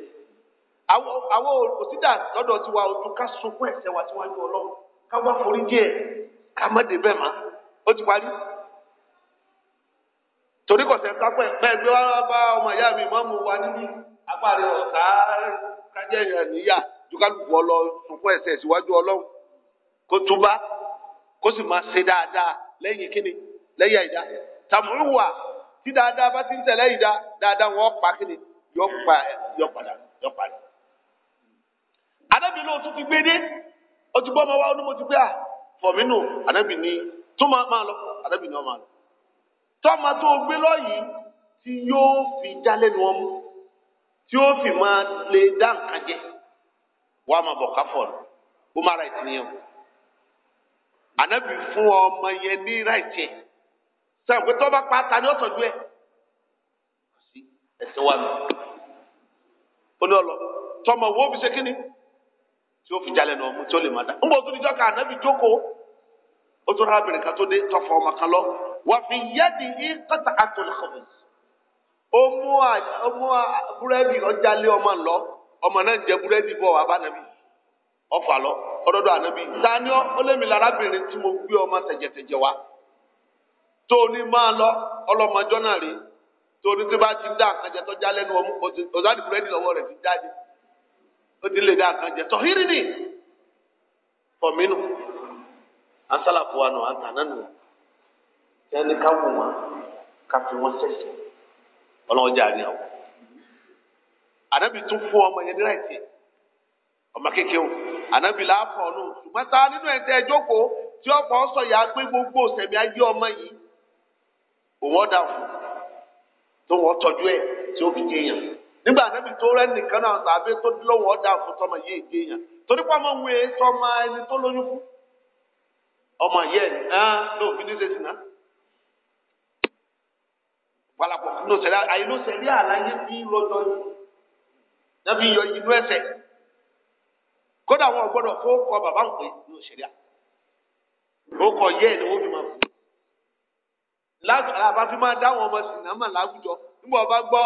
àwọn òsídà lọ́dọ̀ ti wa ojú ká sunkún ẹ̀ṣẹ̀ wa tí wọ́n yọ ọlọ́run ká wá forí díẹ̀ ká má dé bẹ́ẹ̀ má ó ti parí. torí kọ̀sẹ̀ sápẹ́ bẹ́ẹ̀ gbé wá bá ọmọ ìyá mi mọ́mú wa níbi agbára ọ̀tá kájẹ́ ìyá níyà ju kálukú ọlọ sunkún ẹ̀ṣẹ̀ síwájú ọlọ́run kó túbá kó sì máa ṣe dáadáa lẹ́yìn kíni lẹ́yìn àìdá tàmúrùwà tí dáadáa bá ti ń tẹ̀lé ìdá ló tún fi gbé dé ọtí bọ́ ọmọ wa ó ní mo ti gbé à fọ̀mí nù ànábì ní tó máa lọ ànábì ní ọmọ àlọ́ tọ́mọ tó gbé lọ yìí tí yóò fi já lẹ́nu ọmú tí yóò fi máa lè dá nǹkan jẹ wà á máa bọ̀ ká fọ̀ ó má ra ìtìyẹn o ànábì fún ọmọ yẹn ní ra ìtìyẹn sẹ́wọ̀n pé tọ́ba pa ta ni ó tọ́jú ẹ̀ ẹ̀sìn wa mi ó ní ọlọ tọmọ wo fi ṣe kí ni tí ó fi jalè nù ọmọ tí ó lè má dá ń bọ̀ tó níjọ́ ká ànábì jókòó ó tó rábìnrin kan tó dé tọfọ ọmọ kan lọ wà fi yẹ́dì yìí kọ́tà àtọ̀lẹ́kọ̀ọ́ ó mú búrẹ́dì ọjàlé ọmọ lọ ọmọ náà jẹ búrẹ́dì bọ̀ wà bá nàbí ọfà lọ ọdọdọ ànábì tani ọlẹ́mi lárábìnrin tí mo gbé ọmọ tẹ̀jẹ̀tẹ̀jẹ̀ wa tó o ní máa lọ ọlọ́mọjọ́ náà rí tó o ní tí bá ti dá àkànjẹ tó já lẹ́nu ọmú ọ̀sán ìbúrẹ́dì lọ́wọ́ rẹ̀ ti jáde ó ti lè dá kan jẹ tọ́hírì ni fọ̀mínú asálàfo wa nù àtàná ká wù wọn ká fi wọn sẹsẹ ni àwọn. ànábì tún fún ọmọ yẹn nílẹ̀ tiẹ̀ ọmọ kékeré ànábì láàfọ̀ ọ̀nù ṣùgbọ́n ta nínú ẹ̀dẹ́ ẹjọ́kọ̀ tí ọ̀pọ̀ sọ yà á gbogbo sẹ̀mí ayé ọmọ yìí òun ọ̀dà fún tó wọ́n tọ́jú ẹ̀ tí ó nígbà anábì tó rẹ nìkan náà tàbí tó lọ́wọ́ ọ̀dà fún tọmọ yìí èdè yẹn torí pé ọmọ wẹ̀ tọmọ ẹni tó lóyún fún ọmọ yẹ ẹ ní òfin ah, ní sèṣin náà wàlàpọ̀ ní òṣèlú àyínú òṣèlú àlàyé bí lọ́jọ́ yìí nàbí yọ inú ẹsẹ̀ kódà wọn gbọ́dọ̀ fún ọkọ bàbá ń pè ní òṣèlú ọkọ yẹ ẹ ni fi máa fún un lábàá máa dá wọn ọmọ sìnàmà láwùjọ nígbà wọn gbọ́.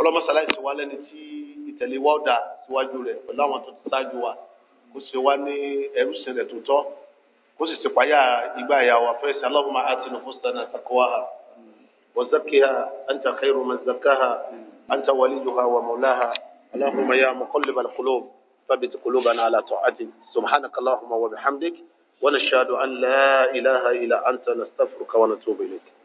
ọlọ́mọsálá ti wá lẹ́ni tí ìtẹ̀lé wa ọ̀dà síwájú rẹ̀ pẹ̀lú àwọn tó ti ṣáájú wa kó ṣe wá ní ẹrú sinlẹ̀ tó tọ́ kó sì ti payá ìgbà ìyá wa fẹ́ sí Allahumma àti nufusana taqwaha wa zakkiha anta khairu man zakkaha anta waliyuha wa mawlaha Allahumma ya muqallibal qulub ثبت قلوبنا على طاعتك سبحانك اللهم وبحمدك ونشهد أن لا إله إلا أنت نستغفرك ونتوب إليك